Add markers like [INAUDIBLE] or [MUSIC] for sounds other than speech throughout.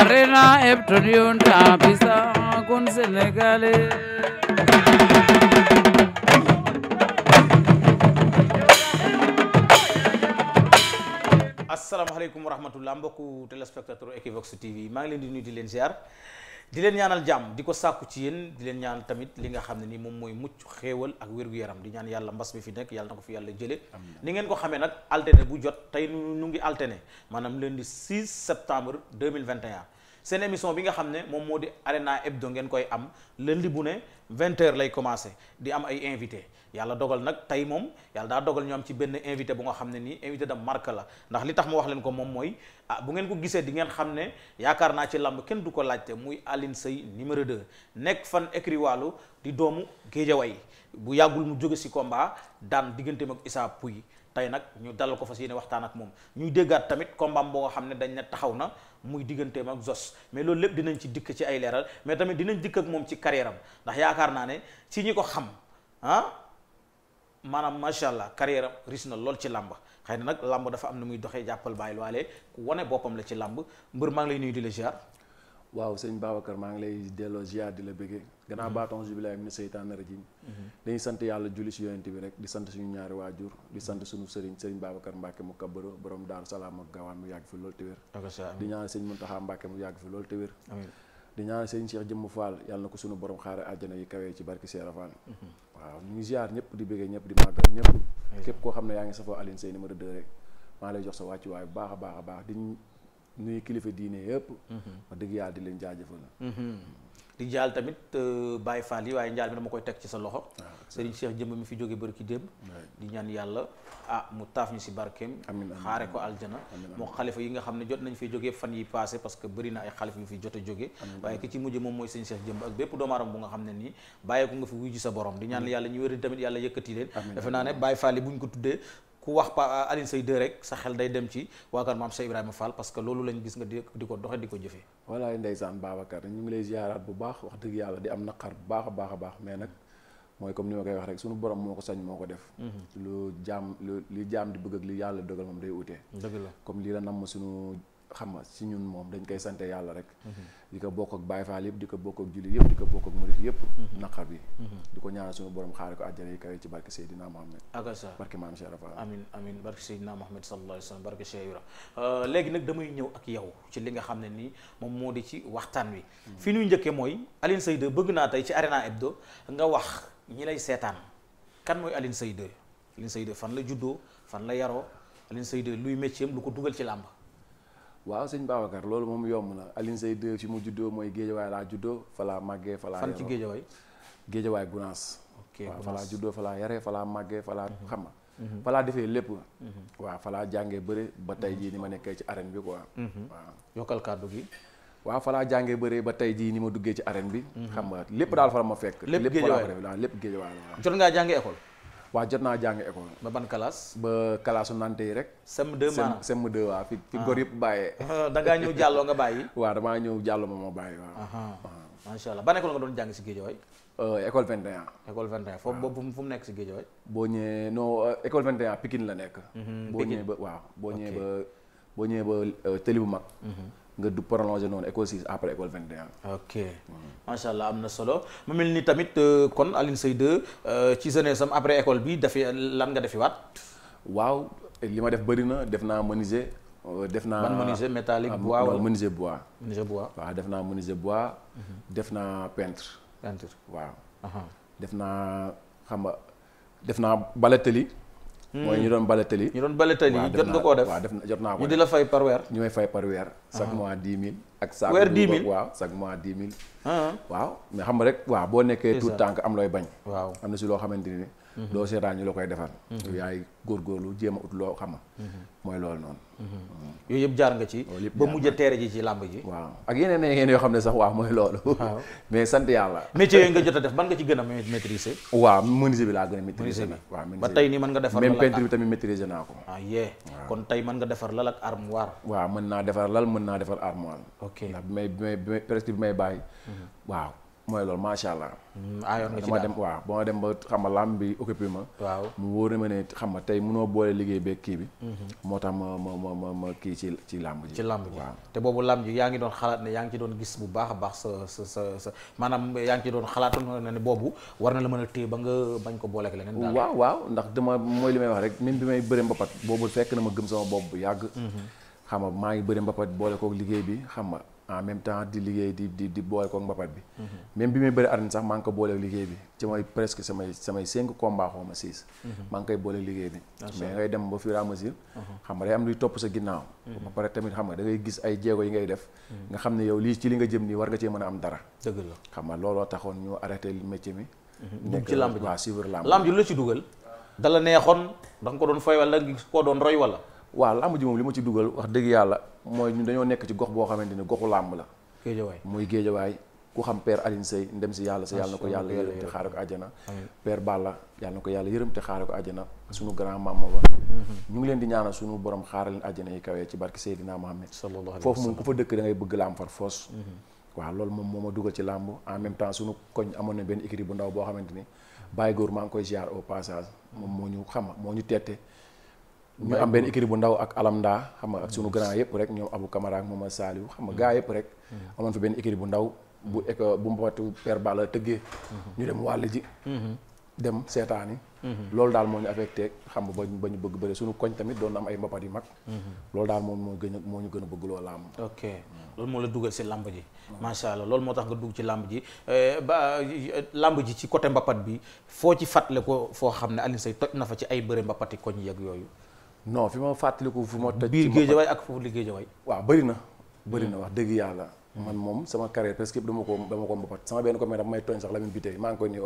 Arena Eptonion Tapisa Kun Senegale asalaamaaleykum wa rahmatullah mbokku téléspectateur TV maa ngi leen di nuyu di leen ziar di leen ñaanal jàmm di ko sàkku ci yéen di leen ñaanal tamit li nga xam ne ni moom mooy mucc xéewal ak wér-gu-yaram di ñaan yàlla mbas mi fi nekk yàlla na ko fi yàlla jële ni ngeen ko xamee nag alterné bu jot tey nu ngi alterné maanaam lundi 6 septembre deux mille vingt 2021 seen émission bi nga xam ne moom moo di Arena Hebdo ngeen koy am leen di bu ne 20h lay commencé di am ay invité yàlla dogal nag tey moom yàlla daa dogal ñoom ci benn invité bu nga xam ne nii invité de marque la ndax li tax ma wax leen ko moom mooy ah, bu ngeen ko gisee di ngeen xam ne yaakaar naa ci lamb kenn du ko laajte muy Alioune say numéro 2 nekk fan écrit wàllu di doomu Géejawaay bu yàggul mu jóge si combat daan digganteem ak Issa Pouye tey nag ñu dalal ko fas yéene waxtaan ak moom ñuy déggaat tamit combat boo nga xam ne dañ ne taxaw na muy digganteem ak Zoss mais loolu lépp dinañ ci dikk ci ay leeral mais tamit dinañ dikk moom ci carrière ndax yaakaar naa ne ci ko xam ah maanaam macha allah carrière am riche na lool ci làmb xëy na nag làmb dafa am na muy doxee jàppal bàyyi waale ku wane boppam la ci làmb mbër maa ngi lay nuyu di la ziar. waaw sëñ Babacar maa ngi lay delloo ziar di la bëggee. gannaaw mhm. baatoon jubilaay mi seytaan rajim mhm. dañuy sant yàlla julli si yonent bi rek di sant suñu ñaari waajur di sant suñu sëriñ sëriñ Babacar Mbacke mu kabbaro borom daaru salaam ak gaawaan mu yàgg fi loolu te wér di ñaan sëñ Muntaxa mu yàgg fi loolu te wér di ñaan sëñ Cheikh Jëmm Fall yàlla na ko suñu borom xaare àjjana yi kawee ci barki Seera waaw ñu ngi ziar ñëpp di bëggee ñëpp di màggal ñëpp képp koo xam ne yaa ngi safoo Alioune Seye numéro 2 rek maa lay jox sa wàccuwaay bu baax a baax baax di nuyu kilifa diine yëpp. ma mhm. dëgg di leen jaajëfal. Mhm. di jaal tamit euh, Baye Fall yi waaye njaal mi dama koy teg ci sa loxo ah, Serigne Cheikh jëmb mi fi jóge bari ki démb di ñaan yàlla ah mu taaf ñu si barkeem xaare ko aljana moo xalifa yi nga xam ne jot nañ fi jóge fan yi passé parce que bëri na ay xalifa yu fi jot a jóge waaye ki ci mujj moom mooy Serigne Cheikh jëmb ak bépp doomaaram bu nga xam ne nii bàyyeeku nga fi wuyu sa borom di ñaan yàlla ñu wéri tamit yàlla yëkkati leen defe naa ne Baye Fall yi bu ku wax pa Alioune Seye 2 rek sa xel day dem ci waa kër maam Cheikh Ibrahima Fall parce que loolu lañ gis nga di ko doxe di ko jëfee voilà ndeysaan Babacar ñu ngi lay ziaraat bu baax wax dëgg yàlla di am naqar bu baax a baax a nag mooy comme ni ma koy wax rek suñu borom moo ko sañ moo ko def mhm. lu jaam lu li jaam di bëgg ak li yàlla dogal moom day utee dëgg la comme lii la nam suñu xam nga si ñun moom dañ koy sante yàlla rek mhm. di ko bokk ak Baye Fall yëpp di ko bokk ak julli yëpp di ko bokk ak murit yëpp mhm. naqar bi mhm. di ko ñaanal suñu borom xaare ko àjjana yi kawe ci barke Seydina Mohamed akasa barke maam Cheikh Rafa amin amin barke Seydina Mohamed sallallahu alayhi wa sallam barke Cheikh Ibra euh, léegi nag damay ñëw ak yow ci li nga xam ne nii moom moo di ci waxtaan wi fi ñuy njëkkee mooy naa tey ci Arena Hebdo nga wax ñi lay seetaan kan mooy Aline Seye 2 Aline Seye la juddoo fan la yaroo Aline Seye 2 luy métier waaw sëñ Babacar loolu moom yomb na Alioune Seye 2 fi mu juddoo mooy géejawaay laa juddoo fa laa màggee fa laa ci géejawaay géejawaay Gunaas waaw fa laa juddoo fa laa yaree fa màggee fa mhm. xam nga mhm. fa laa defee lépp mhm. waaw fa laa jàngee bëre ba tey jii ni ma nekkee ci arène bi quoi waaw yokkal gi waaw fa laa jàngee bëre ba tey jii ni ma duggee ci bi xam nga lépp daal fa la ma fekk lépp géejawaay lépp géejawaay la waaw jot ngaa jàngee école waaw jot naa jàng école. ba ban classe. ba classe su nante yi rek. sem de maanaam sem 2 waaw fi fi ah. góor yëpp bàyyee. [LAUGHS] da ngaa ñëw jàlloo nga bàyyi. [LAUGHS] waaw damaa ñëw jàlloo ma ma bàyyi waaw. macha allah ban école nga doon jàng si géej euh, école 21. école 21 foofu boobu fu mu nekk si Guédiawaye. boo ñëwee non euh, école 21 Pikine la nekk. Pikine mhm, boo ñëwee ba waaw boo ba boo ñëwee ba euh, tëli bu mag. Mhm. nga du prolongé noonu école 6 après école 21. ok macha allah am na solo mu mel ni tamit euh, kon Alioune Seye 2 euh, ci jeunesse sam après école bi dafi lan nga defi waat. waaw li ma def bëri na def naa menuisier. Euh, def naa ban menuisier métallique ah, bois wala menuisier bois. menuisier bois waaw def naa menuisier bois. Mhm. def naa peintre. peintre waaw. def naa xam nga def naa baletterie. mooy ñu doon baletali ñu doon baletali jot nga koo def waaw jot naa ko ñu di la fay par weer ñu fay par weer chaque ah. mois dix mille ak saa weer dix mille waaw chaque mois dix mille ah. waaw mais xam nga rek waa boo nekkee tout le am looy bañ waaw am na si loo xamante ni Mhm. doo seetaan ñu la koy defar mhm. yaay góorgóorlu jéem a ut loo xam mhm. mooy loolu noonu yooyu yëpp jaar nga ci ba mujj teere ji ci làmb ji waaw ak yeneen yeneen yoo xam ne sax waaw mooy loolu [LAUGHS] mais sant yàlla métier yooyu nga jot a def ban nga ci gën a maîtriser waaw menuisier bi laa gën a tey nii mën nga defar même peinture bi tamit naa ko ah yee kon tey man nga defar lal ak armoire waaw mën naa defar lal mën naa defar armoire ok ndax bi may bi may presque bi may bàyyi waaw mooy lool macha allah. Mm, aayoon nga ci dama dem waaw ba dem ba xam ma làmb bi occupé waaw mu wóor na ma ne xam boole liggéey beeg kii bi. Mm-hmm. moo tax ma ma ma ma ma kii ci ci làmb ji. ci làmb waaw te boobu làmb ji yaa ngi doon xalaat ne yaa ngi ci doon gis bu baax a baax sa sa yaa ngi ci doon xalaatoon na ne boobu war na la mën a ba nga bañ ko booleeg leneen. daal waaw waaw ndax dama mooy li may wax rek même bi may bëre mbapat boobu fekk na ma gëm sama bopp bu yàgg. Mm-hmm. xam nga maa ngi bëre mbapat boole koog liggéey bi xam nga en même temps di liggéey di di di boole koog mbapat bi. Mhm. même bi may bëri arène sax maa ko booleeg liggéey bi ci presque samay cinq combats ma six. Mhm. maa ngi koy booleeg liggéey bi. mais ngay dem nga xam ne yow lii ci li nga jëm nii war nga cee mën a am dara. xam nga looloo taxoon ñu arrêté métier mi. Mhm. nekk ci lamb ji waaw suivre lamb lamb ji la da nga ko doon fay ma ci dugal wax dëgg yàlla mooy ñu dañoo nekk ci gox boo xamante ni goxu làmb la géejawaay muy géejawaay ku xam per Alioune Seye ndem si yàlla sa yàlla na ko yàlla yërëm te xaare ko àjjana père Balla yàlla na ko yàlla yërëm te xaare ko àjjana suñu grand maam ba mm-hmm. ñu ngi leen di ñaanal suñu borom xaaral leen àjjana yi kawee ci barke Seydina Mohamed foofu moom ku fa dëkk da ngay bëgg làmb far foos mm-hmm. waaw loolu moom moo ma dugal ci làmb en même temps suñu koñ amoon na benn équipe bu ndaw boo xamante ni Baye Góor maa ngi koy ziar au passage moom moo ñu xam moo ñu tette ñu am benn écurie bu ndaw ak Alamda xam nga ak sunu grand yëpp rek ñoom Abou kamaraak ak Mama Saliou xam nga gaa yëpp rek. Mm-hmm. amoon fa benn écurie bu ndaw bu ek bu mbootu Père Balla tëggee. Mm-hmm. ñu dem wàll ji. Mm-hmm. dem seetaani. loolu daal moo ñu affecté xam nga ba ñu bëgg bëri suñu koñ tamit doon am ay mbapat yu mag. lool daal moom moo gën a moo ñu gën a bëgg loo làmb. ok mm. loolu moo dugal si làmb ji. Mm. macha allah loolu moo tax nga dugg ci làmb ji eh, ba làmb ji ci côté mbapat bi foo ci fàttale ko foo xam ne Alioune Seye toj na fa ci ay bëre mbapati koñ yeeg yooyu. non fi ma fàttaliku fu ma toj. biir géejawaay ak foofu li géejawaay. waaw bëri na bëri na hmm. wax dëgg yàlla. Hmm. man moom sama carrière presque yëpp dama ko dama ko mbapat sama benn commune dama may tooñ sax Lamine Biteye maa ngi hmm.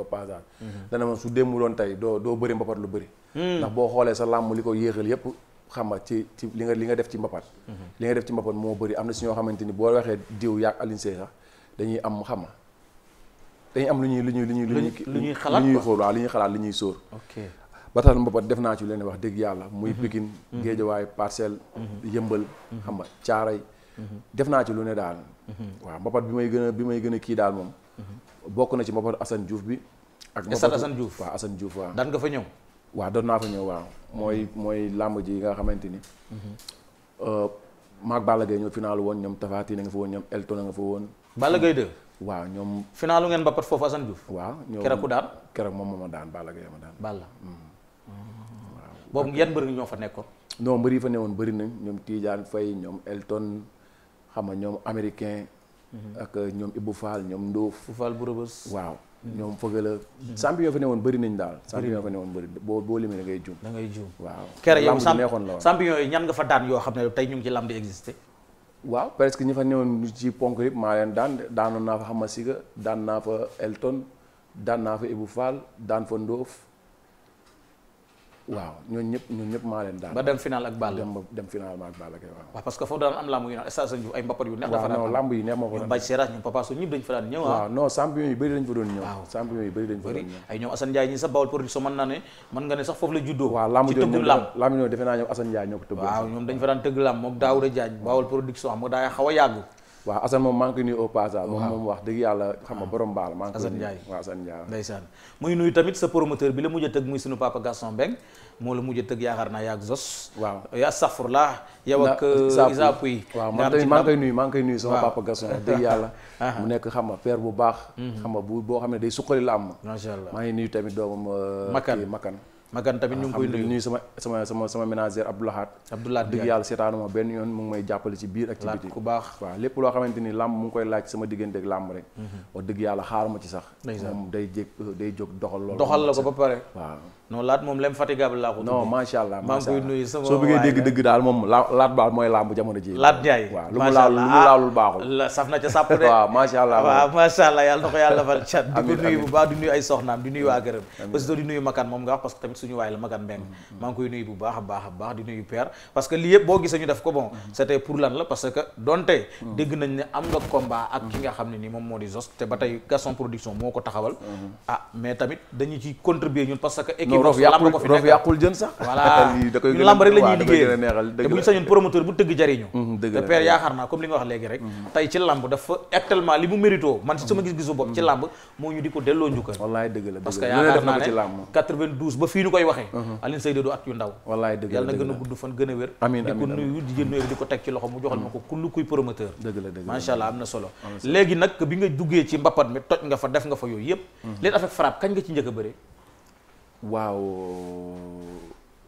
lu bëri. ndax boo xoolee sa làmb li ko yéexal yëpp xam nga ci li nga def ci mbapat. li nga def ci mbapat moo bëri am na si ñoo xamante ni boo waxee diw yaak Alioune Seye sax dañuy am xam dañuy am lu ñuy lu ñuy lu ñuy. lu ñuy xalaat lu ñuy xool waaw lu xalaat lu ñuy sóor. bataal mbapat def naa ci leen wax dégg yàlla muy mhm. Pikine mhm. Géejawaay Parcelles mhm. yëmbal xam nga yi def naa ci lu ne daal waaw mbapat bi may gën a bi may gën a kii daal moom bokk na ci mbapat Assane Diouf bi ak mbapat Assane Diouf waaw Assane Diouf waaw daan nga fa naa fa ñëw waaw mooy mooy làmb ji nga xamante ni euh, maag Balla Gaye woon ñoom Tapha Tine nga fa woon ñoom Elton nga fa woon Balla Gaye 2 waaw moom moo ma daan Balla Gaye ma daan Balla mm. boobu yan mbër ñoo fa nekkoon. non mbër yi fa newoon bëri nañ ñoom tiijaan Faye ñoom Elton xam nga ñoom americain mhm. ak euh, ñoom Ibou Fall ñoom Ndoof. Ibou Fall bu rëbës. waaw mhm. ñoom fëgg la. Mhm. champion yoo fa newoon bëri nañ daal. champion yoo fa newoon bëri boo boo limee da ngay juum. da ngay juum waaw. kere yow champion yooyu ñan nga fa daan yoo xam ne tey ñu ngi ci lamb di exister. waaw presque ñi fa newoon ci ponk yëpp maa leen daan daanoon naa fa Xamasiga daan naa fa Elton daan naa fa Ibou Fall daan fa Ndoof. waaw ñooñu ñëpp ñooñu ñëpp maa leen ba dem final ak Balla dem dem waaw. parce que foofu daan am lamb yu neex. dafa daan neex ma fa daan. Ah. Bathie Seras production mën naa ne mën nga ne sax foofu la juddoo. waaw lamb jooju defe naa ñoom Assane Ndiaye ñoo ko tëgg. waaw ñoom dañu fa daan tëgg production xam nga daa xaw yàgg waaw Assane moom maa ngi koy nuyu au passage. moom wax dëgg yàlla xam nga borom baal maa ngi koy nuyu waaw Assane Ndiaye ndeysaan muy nuyu tamit sa promoteur bi la mujj a tëgg muy sunu papa Gaston Mbengue moo la mujj a tëgg yaakaar naa yaa ak Zos. waaw yaa Safurla. yow ak euh, Isa Pouy. waaw man tamit maa ngi koy nuyu maa ngi koy nuyu sama papa Gaston dëgg yàlla. [LAUGHS] mu nekk xam nga père bu baax. Mhm. xam nga bu boo xam ne day suqali la macha allah maa ngi nuyu tamit doomam. Euh, Makan Makan. magan tamit ñu ngi koy nuyu sama sama sama sama ménagère Abdoulahat Abdoulahat dëgg yàlla seetaanuma benn yoon mu ngi may jàppale ci biir ak ci ku baax waaw lépp loo xamante ni làmb mu ngi koy laaj sama diggante ak làmb rek mhm. wax dëgg yàlla xaaruma ci sax moom day jég day jóg doxal loolu doxal la ko ba pare non laat moom lem fatigable laa ko. non macha allah maa nuyu sama soo bëggee dégg daal moom la laat baal mooy làmb jamono ji. laat Ndiaye lu mu laalul baaxul. Ah, saf na ca sàpp de waaw macha allah yàlla na ko yàlla defal cat di ko nuyu bu baax di nuyu ay soxnaam di nuyu waa gërëm parce que di nuyu makan moom nga wax parce que tamit suñu waay la makan mbeng mm-hmm, mm-hmm. maa nuyu bu baax a baax baax di nuyu père parce que lii yëpp boo gisee ñu ko bon mm-hmm. yow roof yàqul roof yàqul jën sax voilà ñun [LAUGHS] lamb rek la ñuy te bu ñu sañoon promoteur bu tëgg jariñu [LAUGHS] te père yaakaar naa comme li nga wax léegi rek mhm. tey ci lamb dafa actuellement li mu mérito man ci sama gis-gisu bopp ci mhm. lamb moo ñu di ko delloo njukkal parce que yaakaar naa ne 92 ba fii ñu koy waxee mhm. Alioune Seye du at yu ndaw wallaay na gën a gudd fan gën a wér di ko teg ci loxo mu joxal ma ko kullu kuy promoteur dëgg la dëgg la allah am na solo léegi waaw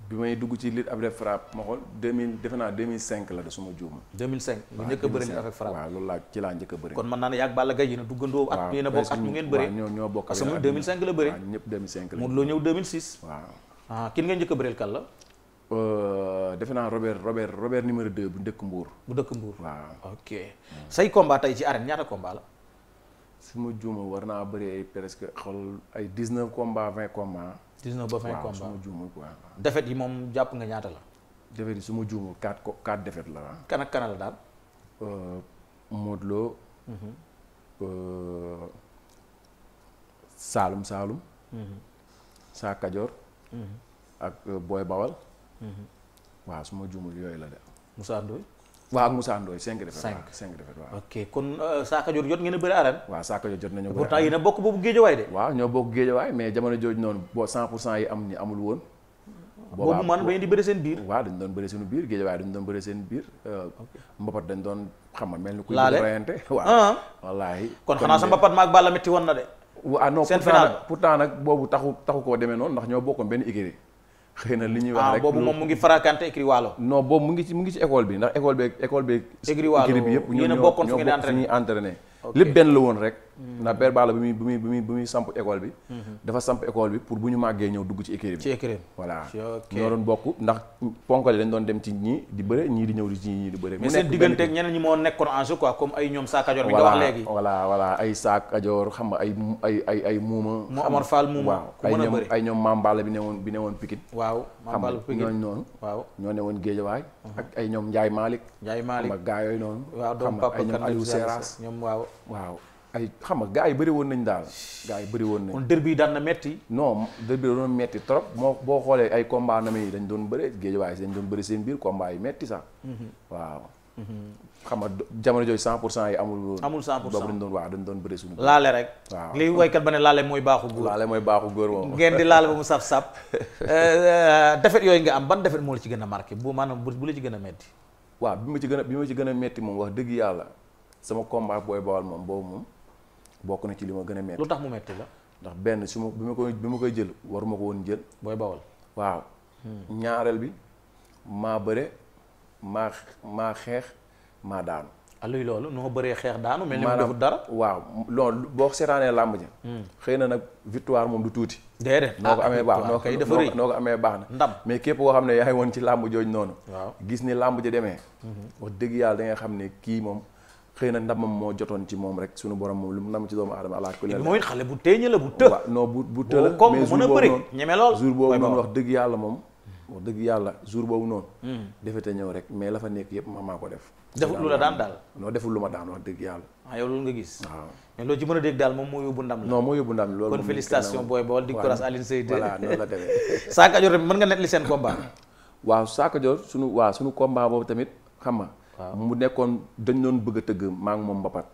bi may dugg ci lutte avec frappe ma xool deux mil defe naa deux mille cinq la de suma juum. deux mille cinq bu bëri avec frappe loolu laa ci laa njëkk bëri. kon mën naa ne yaa ak Balla Gaye a duggandoo. at yéen a bokk at mu ngeen bëree ñoo ñoo bokk. parce que moom deux mille cinq la bëri waaw ñëpp deux mille cinq la. ñëw deux mille six. Ah, euh, bu dëkk mbuur bu dëkk Mbour waaw. ok say combat tey ci arène ñaata combat la. su ma juuma war naa bëri ay presque xool ay dix neuf combat vingt 19 ba 20 combats waaw su defet yi moom jàpp nga ñaata la. defet yi su ma juumul 4 ko 4 defet la ah. kan la daal. Euh, Modou Lo. Mhm. Euh, Saalum Saalum. Mhm. Saa Kajoor. Mhm. ak euh, Boy Bawal. waaw su ma juumul yooyu la de. Moussa waaw ak Moussa Ndoye cinq défaites cinq défaites waaw ok kon euh, Sakho jot ngeen a bëri arène waaw Sakho jot nañu bëri pourtant yéen a bokk boobu géejawaay de waaw ñoo bokk géejawaay mais jamono jooju noonu boo cent pour ñu woon boobu man di bëre seen biir waaw dañ doon bëri seen biir géejawaay dañ doon bëri seen biir euh, mbapat dañ doon xam nga mel ni ku kuy rayante [LAUGHS] waaw ah. wallaahi kon xanaa sa mbapat maag Balla metti woon na de waaw ah, non seen final nag boobu taxu taxu koo demee noonu ndax ñoo bokkoon benn écurie xëy na li ñuy wax ah, rek boobu moom mu ngi farakante écrit waalo non boobu mu ngi ci mu ngi ci école bi ndax école bi école bi écrit waalo bi yëpp ñoo ñoo bokkoon fi ngeen entraîné lépp benn la woon rek Mm-hmm. ndax père Balla bi muy bi muy bi muy bi muy samp école bi mm-hmm. dafa samp école bi pour bu ñu màggee ñëw dugg ci écurie bi ci écurie voilà ñoo doon bokk ndax ponkale dañ doon dem ci ñi di bëre ñii di ñëw di ci ñii di bëre mais seen diggante ak ñi moo nekkoon en jeu quoi comme ay ñoom Sa Sa Kajoor xam nga ay ay ay ay muuma mu Amar Fall muuma waaw ku a bëre ne woon bi ne woon Pikine waaw Mame Balla ñoo ne woon Géejawaay mhm. ak ay ñoom Njaay Malick Njaay Malick xam nga noonu waaw doom papa ay ñoom waaw waaw ay xam nga gaa yi bëri woon nañ daal gars yi bëri woon nañ. kon derby daan na metti. non derby doon metti trop moo boo xoolee ay combat na yi dañ doon bëre géejawaay dañ doon bëri seen biir combat yi metti sax. Mhm. waaw. Mhm. xam nga jamono jooju 100 pour cent yi amul. amul 100 pour cent doon waaw dañ doon bëri suñu. laale rek. waaw li waykat ba ne laale mooy baaxu góor. laale mooy baaxu góor moom. ngeen di laale ba mu saf saf. [LAUGHS] Euh, euh, defet yooyu nga am ban defet moo la ci gën a marqué bu maanaam bu la ci gën a metti. waaw bi ma ci gën a gën a metti moom wax dëgg yàlla sama combat booy bawal moom bokk na ci li ma gën a metti lu tax mu metti la ndax benn su ma bi ma koy bi ma koy jël war ma ko woon jël booy bawal waaw hmm. ñaareel bi maa bëre maa maa xeex maa daanu aluy ah, loolu noo bëree xeex daanu mel ni mu defut dara waaw loolu boo seetaanee làmb ji hmm. xëy na nag victoire moom du tuuti déedéet noo ko ah, amee baax noo koy dafa ko amee baax na ndam mais képp koo xam ne yaay woon ci làmb jooj noonu waaw gis ni làmb ji demee hmm. wax dëgg yàlla da xam ne kii moom xëy na ndamam moo jotoon ci moom rek suñu borom moom lu mu nam ci doomu aadama ala kulli moom it xale bu téeña la bu të waaw non boobu noonu ñeme lool jour hmm. rek mais la nekk yëpp ma maa ko def deful lu la daan daal non deful lu ma daan wax yàlla ah yow loolu nga gis waaw mais loolu moom moo yóbbu ndam la non moo yóbbu ndam la loolu kon [LAUGHS] Sa Cadior tamit mën nga net li seen combat waaw Sa Cadior suñu waaw suñu combat boobu tamit xam nga mu nekkoon dañ doon bëgg a tëgg maa ngi moom mbapat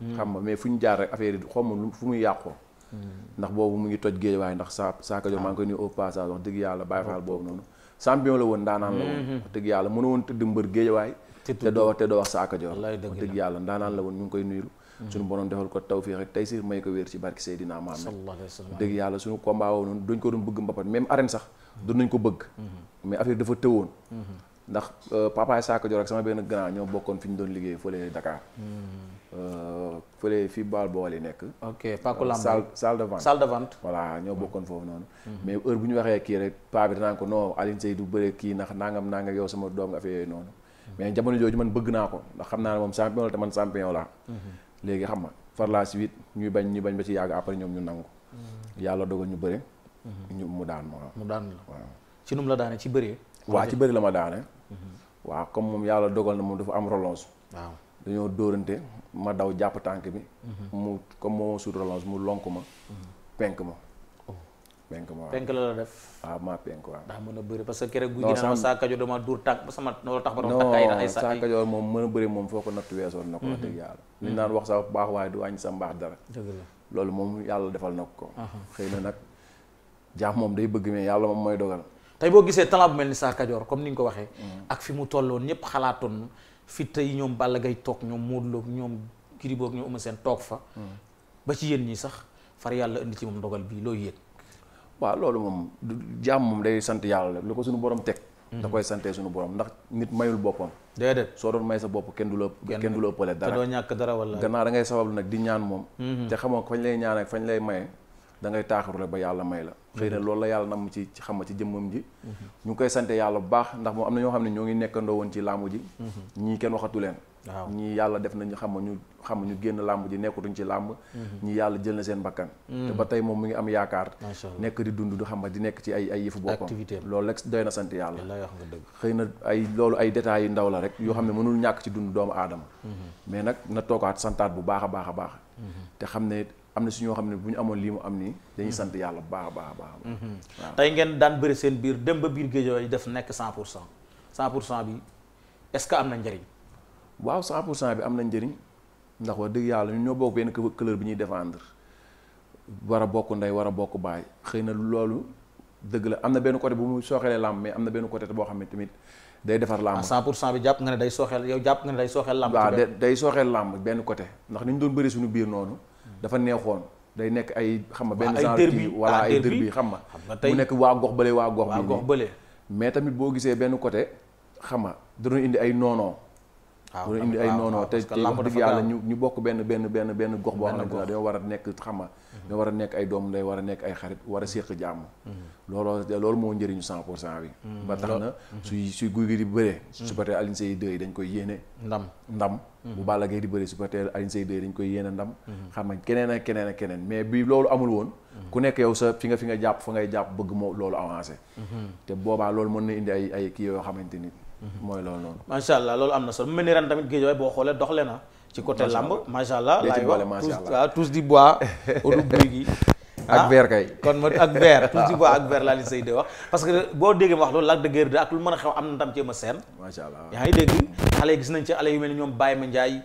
hmm. xam ma mais fu ñu jaar rek affaire yi xaw ma fu muy yàqoo hmm. ndax boobu mu ngi toj géej waaye ndax saa saa ka jox maa ngi koy nuyu au passage wax dëgg yàlla Baye Fall hmm. boobu woon ndaanaan la woon wax dëgg yàlla mënu woon tëdd mbër géej waaye te doo ngi koy nuyu suñu borom defal ko tawfiix ak taysiir may ko wér ci barke Seydina Muhammad dëgg yàlla suñu combat woo noonu dañ ko doon bëgg mbapat même arène sax doon nañ ko bëgg mais affaire dafa tëwoon ndax euh, papa Sakho Dior ak sama benn grand ñoo bokkoon fi ñu doon liggéey fële Dakar. Hmm. Euh, fële fii Baal bool yi nekk. ok Paku euh, Lamb salle salle sal vente salle de ñoo bokkoon foofu noonu. Hmm. mais heure bu ñu waxee kii rek paa bi danaa ko non Alioune Seye du bëre kii ndax nangam nangam yow sama doom nga noonu. Hmm. mais jamono jooju man bëgg naa ko ndax xam naa ne moom champion la te man champion la léegi xam nga par la suite ñuy bañ ñuy bañ ba ci yàgg après ñoom ñu nangu. yàlla dogal ñu bëre. ñu mu mu daan la ci nu mu la daane ci bëree. waaw ci bëri la ma daane waaw comme moom yàlla dogal na moom dafa am relance. waaw dañoo dóorante ma daw jàpp tànk bi. Mhm. mu comme moom suut relance mu lonk ma. Mhm. penk ma. Oh. penk ma waaw penk la la def. waaw ah, maa penk waaw. daa a bëri parce que keroog. non sama saa kajo dama duur tànk ba tax ba doon takk saa kajo moom mën a bëri moom foo ko natt weesoon na ko. wax mhm. dëgg yàlla li naan wax sa baax waaye du wàññi sa mbaax dara. loolu moom yàlla defal na ko. xëy na nag jaax moom day bëgg mais yàlla moom mooy dogal. tey boo gisee talent bu mel ni saa Kajoor comme ni nga ko waxee. ak fi mu tolloon ñëpp xalaatoon fi tey ñoom Balla Gaye toog ñoom Modou Lo ñoom Gris Bordeaux ñoom Eumeu Sène toog fa. ba ci yéen ñi sax far yàlla indi ci moom ndogal bii looy loolu moom du jaam moom day sant yàlla lu ko sunu borom teg. Mhm. da koy santee sunu borom ndax nit mayul boppam. déedéet soo doon may sa bopp kenn du la kenn du la ëppale dara te doo ñàkk dara wala. gannaaw ngay sabablu nag di ñaan moom. Mhm. te xamoo fañ lay ñaan ak fañ lay maye. da ngay taaxirule ba yàlla may la mhm. xëy na loolu la yàlla nam ci ci xam ci jëmmam ji mhm. ñu koy sante yàlla bu baax ndax moom am na ñoo xam ne ñoo ngi nekkandoo woon ci làmb ji mhm. ñii kenn waxatu leen waaw ñii yàlla def nañu xam ñu xam ñu génn làmb ji nekkatuñ ci làmb ñii yàlla jël na seen bakkan te ba tey moom mi ngi am yaakaar nekk di dund di xam nga di nekk ci ay ay yëfu boppam loolu rek doy na sant yàlla xëy na ay loolu ay détails yu ndaw la rek yoo xam ne mënul ñàkk ci dund doomu aadama mais nag na toogaat santaat bu baax a baax a baax te xam am na si ñoo xam ne bu ñu amoon lii mu am nii dañuy sant yàlla baax a baax a baax. Mhm. waaw tey ngeen daan bëri seen biir dem ba biir géej def nekk 100 pour cent 100 pour cent bi est ce que am na njëriñ. waaw 100 pour bi am na njëriñ ndax wax dëgg yàlla ñun ñoo bokk benn couleur bi ñuy défendre war a bokk ndey war a bokk baay xëy na loolu dëgg la am na benn côté bu mu sooxee làmb mais am na benn côté boo xam ne tamit. day defar làmb 100 ah, pour cent bi jàpp nga ne day sooxeel yow jàpp nga ne day sooxeel làmb. waaw day sooxeel làmb benn côté ndax ni ñu bëri suñu biir noonu dafa neexoon day nekk ay xam nga benn genre kii wala ah, ay derby xam nga mu nekk waa gox bële waa gox bi mais tamit boo gisee benn côté xam nga da doon indi ay noonoo waaw dina indi ay noonoo te te wax dëgg yàlla benn benn benn benn gox boo xam ne dañoo war a nekk xama mhm. dañoo a nekk ay war a a séq jàmm mhm. looloo loolu moo njëriñu cent pour cent bi mhm. ba tax na suy suy guy gi di bëree supporter Alioune Seye 2 yi dañ koy yéene ndam ndam bu Balla Gaye di bëree supporter Alioune Seye 2 dañ koy yéene ndam xam nga keneen a keneen ak keneen mais bi loolu amul woon ku nekk yow sa fi nga fi nga jàpp fa ngay jàpp bëgg moo loolu avancé te boobaa loolu mën na indi ay ay kii yoo xamante ni mooy loolu noonu. macha allah loolu am na solo mu mel ni ren tamit géej boo xoolee doxle na. ci côté lamb macha allah. laay wax tous ah, tous di bois odu [LAUGHS] buy gi. ak ah, ver kay kon ma ak ver tous di bois ak ver laa li [LAUGHS] say de wax parce que boo déggee ma wax loolu Lac de Guiers 2 ak lu mën a xew am na tam ci ma seen. macha allah dégg xale yi gis nañ ci xale yu mel ni ñoom ma Mandiaye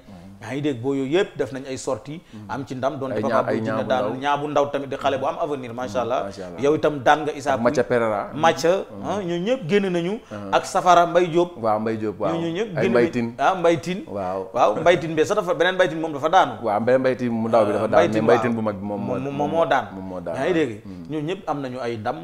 yaa ngi dégg boo yooyu yëpp def nañ ay sortie mm-hmm. am ci ndam doon papa bu dina daan ñaa bu ndaw tamit di xale bu am avenir mm-hmm. macha allah yow itam daan nga Issa Macca Perera Macca mm-hmm. ah, ñooñu ñëpp génn nañu ak Safara Mbay Diop waaw Mbay Diop waaw ñëpp génn Mbay Tine ah Mbay Tine waaw waaw Mbay Tine bi sa dafa beneen Mbay Tine moom dafa daanu waaw beneen Mbay Tine mu ndaw bi dafa ah, daanu mais Mbay Tine bu mag bi moom moom moo daan yaa ngi dégg ñoo ñëpp am nañu ay ndam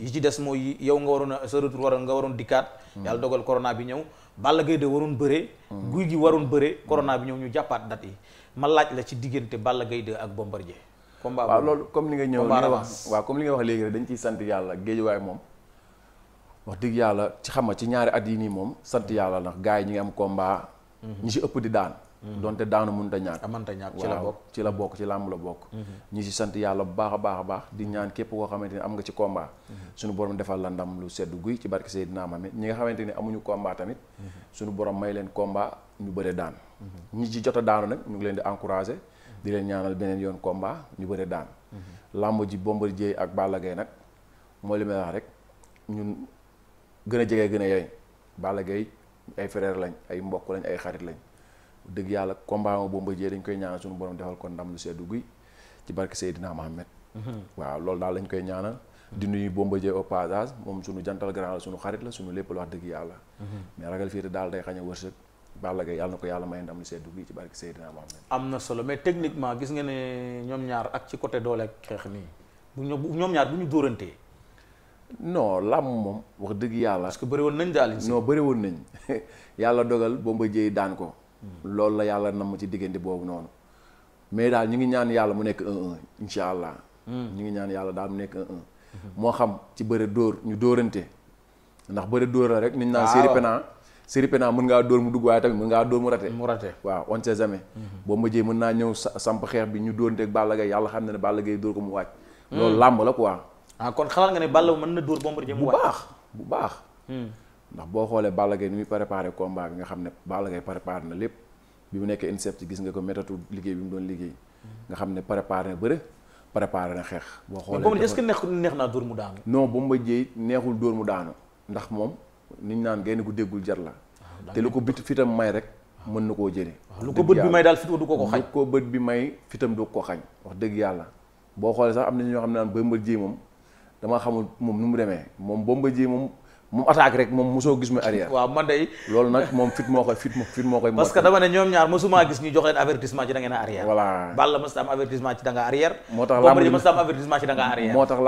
yi ci des mooy yow nga waroon sa retour waroon nga waroon dikkaat yàlla dogal corona bi ñëw Balla Gaye de waroon bëre. Hmm. guy gi waroon bëre corona bi ñoom ñu jàppaat dat yi ma laaj la ci diggante Balla Gaye de ak Bombardier. combat waaw loolu comme li nga ñëw li nga wax waaw comme li nga wax léegi rek dañ ciy sant yàlla géejuwaay moom. wax dëgg yàlla ci xam nga ci ñaari at yi nii moom sant yàlla ndax gars yi ñi ngi am komba hmm. ñu si ëpp di daan. donte daanu mënta ñàkk ah, mënta ñàkk ci la bokk ci la bokk ci làmb la bokk mhm. ñu si sant yàlla bu baax a baax a baax di ñaan képp koo xamante ni am nga ci combat mhm. suñu borom defal la ndam lu sedd guy ci barke Seydina Mohamed ñi nga xamante ni amuñu combat tamit mhm. suñu borom may leen komba ñu bëre daan ñi ci jot a daanu nag ñu ngi leen di encouragé di leen ñaanal yoon combat ñu bëre daan làmb ji Bombardier ak Balla nag mooy li may wax rek ñun gën a jege gën a yey Balla ay frère lañ ay mbokk lañ ay xarit lañ dëgg yàlla combat ma Bombardier dañ koy ñaanal suñu borom defal ko ndam lu seddu guy ci barke Seydina Mohamed mhm. waaw loolu daal lañ koy ñaanal di nuyu Bombardier au passage moom suñu jantal grand la suñu xarit la suñu lépp la wax dëgg yàlla mhm. mais ragal fii daal day xañ a wërsëg Balla yàlla na ko yàlla may ndam lu seddu guy ci barke Seydina Mohamed am na solo mais techniquement gis nga ne ñoom ñaar ak ci côté doole ak xeex nii bu ñoom ñaar bu ñu dóorantee non làmb moom wax dëgg yàlla parce que bëri woon nañ daal non bëri woon nañ [LAUGHS] yàlla dogal Bombardier daan ko loolu la yàlla nam ci diggante boobu noonu mais daal ñu ngi ñaan yàlla mu nekk un un hmm. ñu ngi ñaan yàlla daal mu nekk moo xam ci bëre dóor ñu dóorante ndax bëre dóor la rek. waaw niñ naan série pénal mën ngaa dóor mu dugg waaye tamit mun ngaa dóor mu rate. mu waaw on sait jamais. Hmm. boo mujjee mën naa ñëw samp xeex bi ñu dóorante ak Balla Gaye yàlla xam na ne Balla Gaye dóor ko mu wàcc. Hmm. loolu làmb la quoi. ah kon xalaat nga ne Balla mën na dóor Bombardier mu wàcc bu baax bu baax. ndax boo xoolee Balla Gaye ni muy préparé combat bi nga xam ne Balla Gaye préparé na lépp bi mu nekkee INSEP ci gis nga ko métatu liggéey bi mu doon liggéey nga xam ne préparé na bëre préparé na xeex boo xoolee boobu est-ce que neex neex naa door mu daanu non Bomba Dieye neexul dóor mu daanu ndax moom niñ naan gaynde ku déggul jat la ah, te lu ko bit fitam may rek mën na koo jëlee ah, lu ko bët bi may daal fit du ko ko xañ lu ko bët bi may fitam du ko xañ wax dëgg yàlla boo xoolee sax am na ñoo xam ne naan Bomba Dieye moom dama xamul moom nu mu demee moom Bomba Dieye moom mu attaque rek moom mosoo gis ma arrière. waaw man day loolu nag moom fit moo koy fit moo fit moo koy. a arrière. am avertissement ci da nga arrière. moo tax làmb ji mës am avertissement ci da nga moo tax a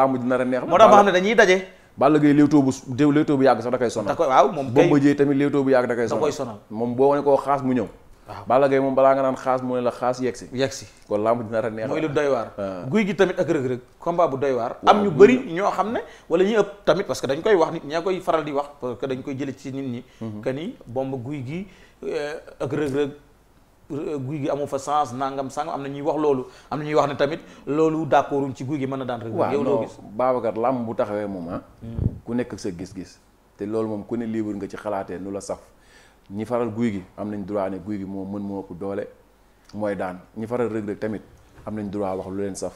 neex. ma xam ne dañuy daje. Balla Gaye léewtoo bu léewtoo bu yàgg sax da koy sonal. waaw moom kay Bombardier tamit léewtoo bu yàgg da koy sonal. moom boo wane koo xaas mu ñëw Balla Gaye moom balaa nga naan xaas mu ne la xaas yegsi yegsi kon lamb dina ra neex mooy lu doy ah. guy gi tamit ak rëg-rëg combat bu doy waar am ñu bëri ñoo xam ne wala ñu ëpp tamit parce que dañ koy wax nit ñaa koy faral di wax parce que dañ koy jële ci nit ñi mhm. que ni bomb guy gi eh, ak rëg-rëg guy gi amu fa sens nangam sangam am na ñuy wax loolu am na ñuy wax ne tamit loolu d'accorduñ ci guy gi mën na daan rek yow làmb bu taxawee moom ah hmm. ku nekk ak gis-gis te loolu moom ku ne libre nga ci xalaatee nu la saf ñi faral guy gi am nañ droit ne guy gi moom mën moo ëpp doole mooy daan ñi faral rëg Reug tamit am nañ droit wax lu leen saf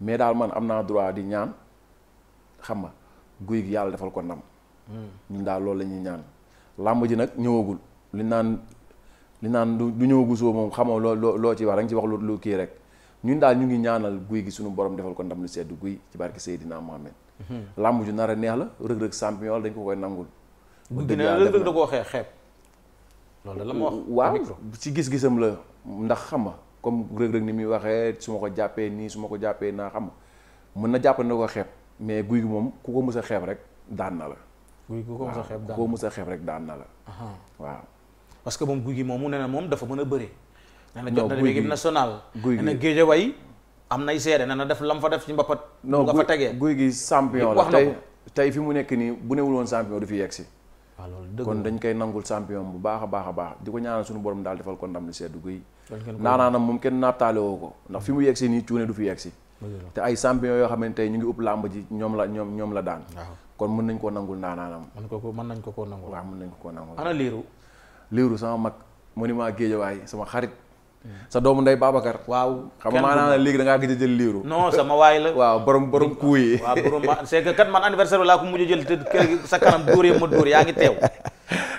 mais daal man am naa droit di ñaan xam nga guy gi yàlla defal ko ndam. Hmm. daal loolu la ñuy ñaan. làmb ji nag ñëwagul li naan li naan du ñëwagu soo moom xamoo loo loo ci wax rek ci wax lu kii rek ñun daal ñu ngi ñaanal guy gi suñu borom defal ko ndam lu sedd guy ci barke Seydina Mohamed. Hmm. làmb ju nar neex la rëg Reug champion dañ ko koy nangul. bu dëgg yàlla da koo xeex xeeb. loolu la ma wax waaw si gis-gisam la ndax xam nga comme rëg-rëg ni muy waxee su ma ko jàppee nii su ma ko jàppee naa xam mën na jàpp na ko xeeb mais guy gi moom ku ko mës a xeeb rek daan na la. guy ku ko mës a xeeb daan na mës a xeeb rek daan na la. waaw. parce que moom guy gi moom mu ne na moom dafa mën a bëre. nee na jot na dem équipe nationale. guy gi nee na am nay seede nee na def mu fa def ci mbapat. nga fa tegee guy gi sampion la tey tey fi mu nekk nii bu newul woon champion du fi yegg si. kon dañ koy nangul champion bu baax a baax a baax di ko ñaanal suñu borom daal defal ko ndam li seddu guy naanaanam moom kenn naataale woo ko ndax fi mu yegg si nii cuune du fi yegg si te ay champion yoo xamante ne ñu ngi upp làmb ji ñoom la ñoom ñoom la daan kon mën nañ koo nangul naanaanam mën ko mën nañ ko koo nangul waaw mën nañ ko koo nangul ana liiru liiru sama mag maa monument waaye sama xarit sa doomu ndey Babacar. waaw xam nga maanaam léegi da ngaa gëj a jël liiru. non sama waay la. waaw borom borom kuu yi. [LAUGHS] kat man anniversaire bi laa ko mujj jël te kër gi sa kanam dóor ma dóor yaa ngi teew.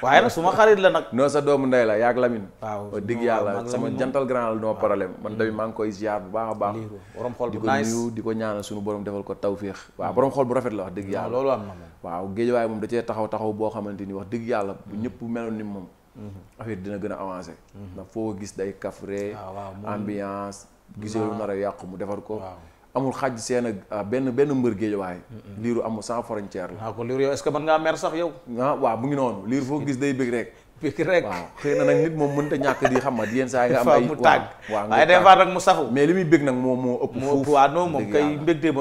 waaye nag su ma xarit la nag. non sa doomu ndey la yaa ak Lamine. waaw dëgg yàlla sama jantal grand la noo problème man tamit mm. maa ngi koy ziar bu baax a baax. borom xol bu nice di ko nuyu di ko ñaanal suñu borom defal ko tawféex. Mm. bu rafet la wax dëgg yàlla. loolu am na moom waaw géej waaye moom da cee taxaw taxaw boo xamante ni wax dëgg yàlla bu ñëpp meloon ni moom Mm-hmm. affaire dina gën a avancé. Mm-hmm. ndax foo gis day kafre ah, ambiance gisee lu nar a yàqu mu defar ko. amul xaj seen ak ah, benn benn mbër géej waaye. liiru amul sans frontière la. waaw ah, kon liiru yow est-ce mën ngaa mer sax yow. ah waaw mu ngi noonu liiru foo gis day bëgg rek. piki rek waaw xëy na nag nit moom mënta ñàkk di xam yenn saa yi nga am ay mu tàgg waaye des nag mu safu mais li muy bég nag moom moo ëpp fuuf waaw non moom kay mbégtee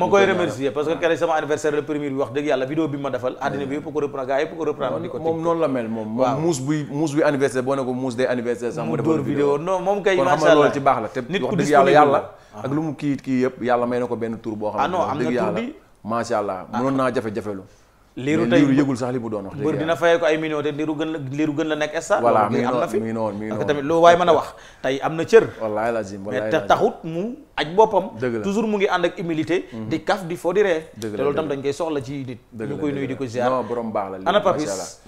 ma koy remercier parce que ah. keroog sama anniversaire le premier bi wax dëgg yàlla vidéo bi ma defal àddina bi yëpp ko reprendre gars yëpp ko reprendre moom noonu la mel moom waaw muus buy muus buy anniversaire boo ne ko muus day anniversaire sax mu defal vidéo non moom kay macha allah la te nit ku dëgg yàlla yàlla ah. ak lu mu ah, naa jafe-jafelu liiru tey liiru yëgul sax li mu doon wax bër dina fayee ko ay millions gën la liiru gën la nekk esta voilà mi ngi noonu mi ngi noonu mi ngi noonu tamit loolu waaye mën a wax tey am na cër taxut mu aj boppam toujours mu ngi ànd ak humilité mhm. di kaf di fo di ree te loolu tam dañ koy soxla ci nit ñu koy nuyu di ko ziar non borom baax la li ana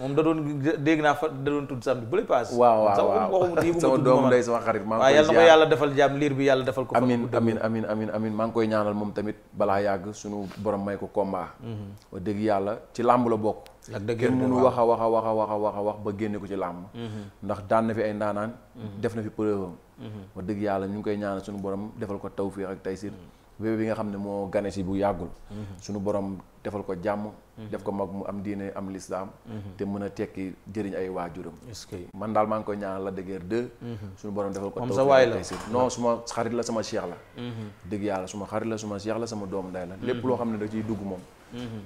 moom da doon dégg naa fa da doon tudd samedi bële paas waaw waaw waaw waxu sama doomu ndey sama xarit maa ngi koy ziar na ko yàlla defal jàmm liir bi yàlla defal ko amin amin amin amin amin koy ñaanal moom tamit balaa yàgg suñu borom may ko combat mhm. wax dëgg yàlla ci làmb la bokk kenn mënu wax a wax a wax a wax a wax a wax ba génne ko ci làmb mhm. ndax daan na fi ay ndaanaan mhm. def na fi preuve am mhm. dëgg yàlla ñu ngi koy ñaan suñu borom defal ko tawfiix ak taysir bébé bi nga xam ne moo gane bu yàggul suñu borom defal ko jàmm def ko mag mu am diine am lislaam te mën a tekki jëriñ ay waajuram man daal maa ngi koy ñaanal la dëggeer deux suñu borom defal ko tawfiix non suma xarit la sama cheikh la dëgg yàlla suma xarit la suma cheikh la sama doom day la lépp loo xam ne da ciy dugg moom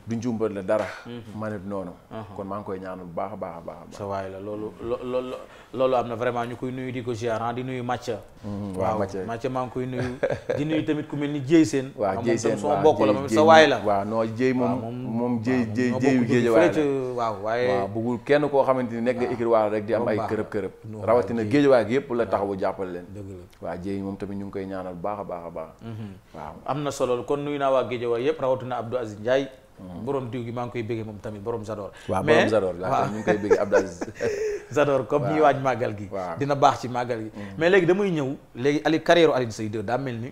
du njumbal la dara. Mhm. man it noonu. kon maa ngi koy ñaanal baax a baax a baax. sa waay la loolu loolu loolu am na vraiment koy nuyu di ko ziar ah, di nuyu Mathia. Mhm, waaw Mathia maa ngi koy nuyu. di nuyu tamit ku mel ni Dieye Sène. waaw Dieye Sène waaw bokk la moom sa moom moom Dieye Dieye Dieye Dieye waaw waaye. waaw bëggul kenn koo xamante ni nekk nga écurie Waalo rek di am ay kërëb kërëb. rawatina Géejawaay gi yëpp la taxawu jàppale leen. dëgg la waaw Dieye moom tamit ñu ngi koy ñaanal baax a a baax. Mhm. waaw am na solo kon nuyu naa waa Géejawaay yëpp rawatina Abdou Aziz Ndiaye Uh-huh. borom diw gi maa ngi koy bëggee moom tamit borom Zador. waaw borom Zador waaw ñu ngi [LAUGHS] comme ñuy waaj màggal gi. dina baax ci màggal gi. Mm. mais léegi damay ñëw léegi ali carrière Alioune Seye 2 daa mel ni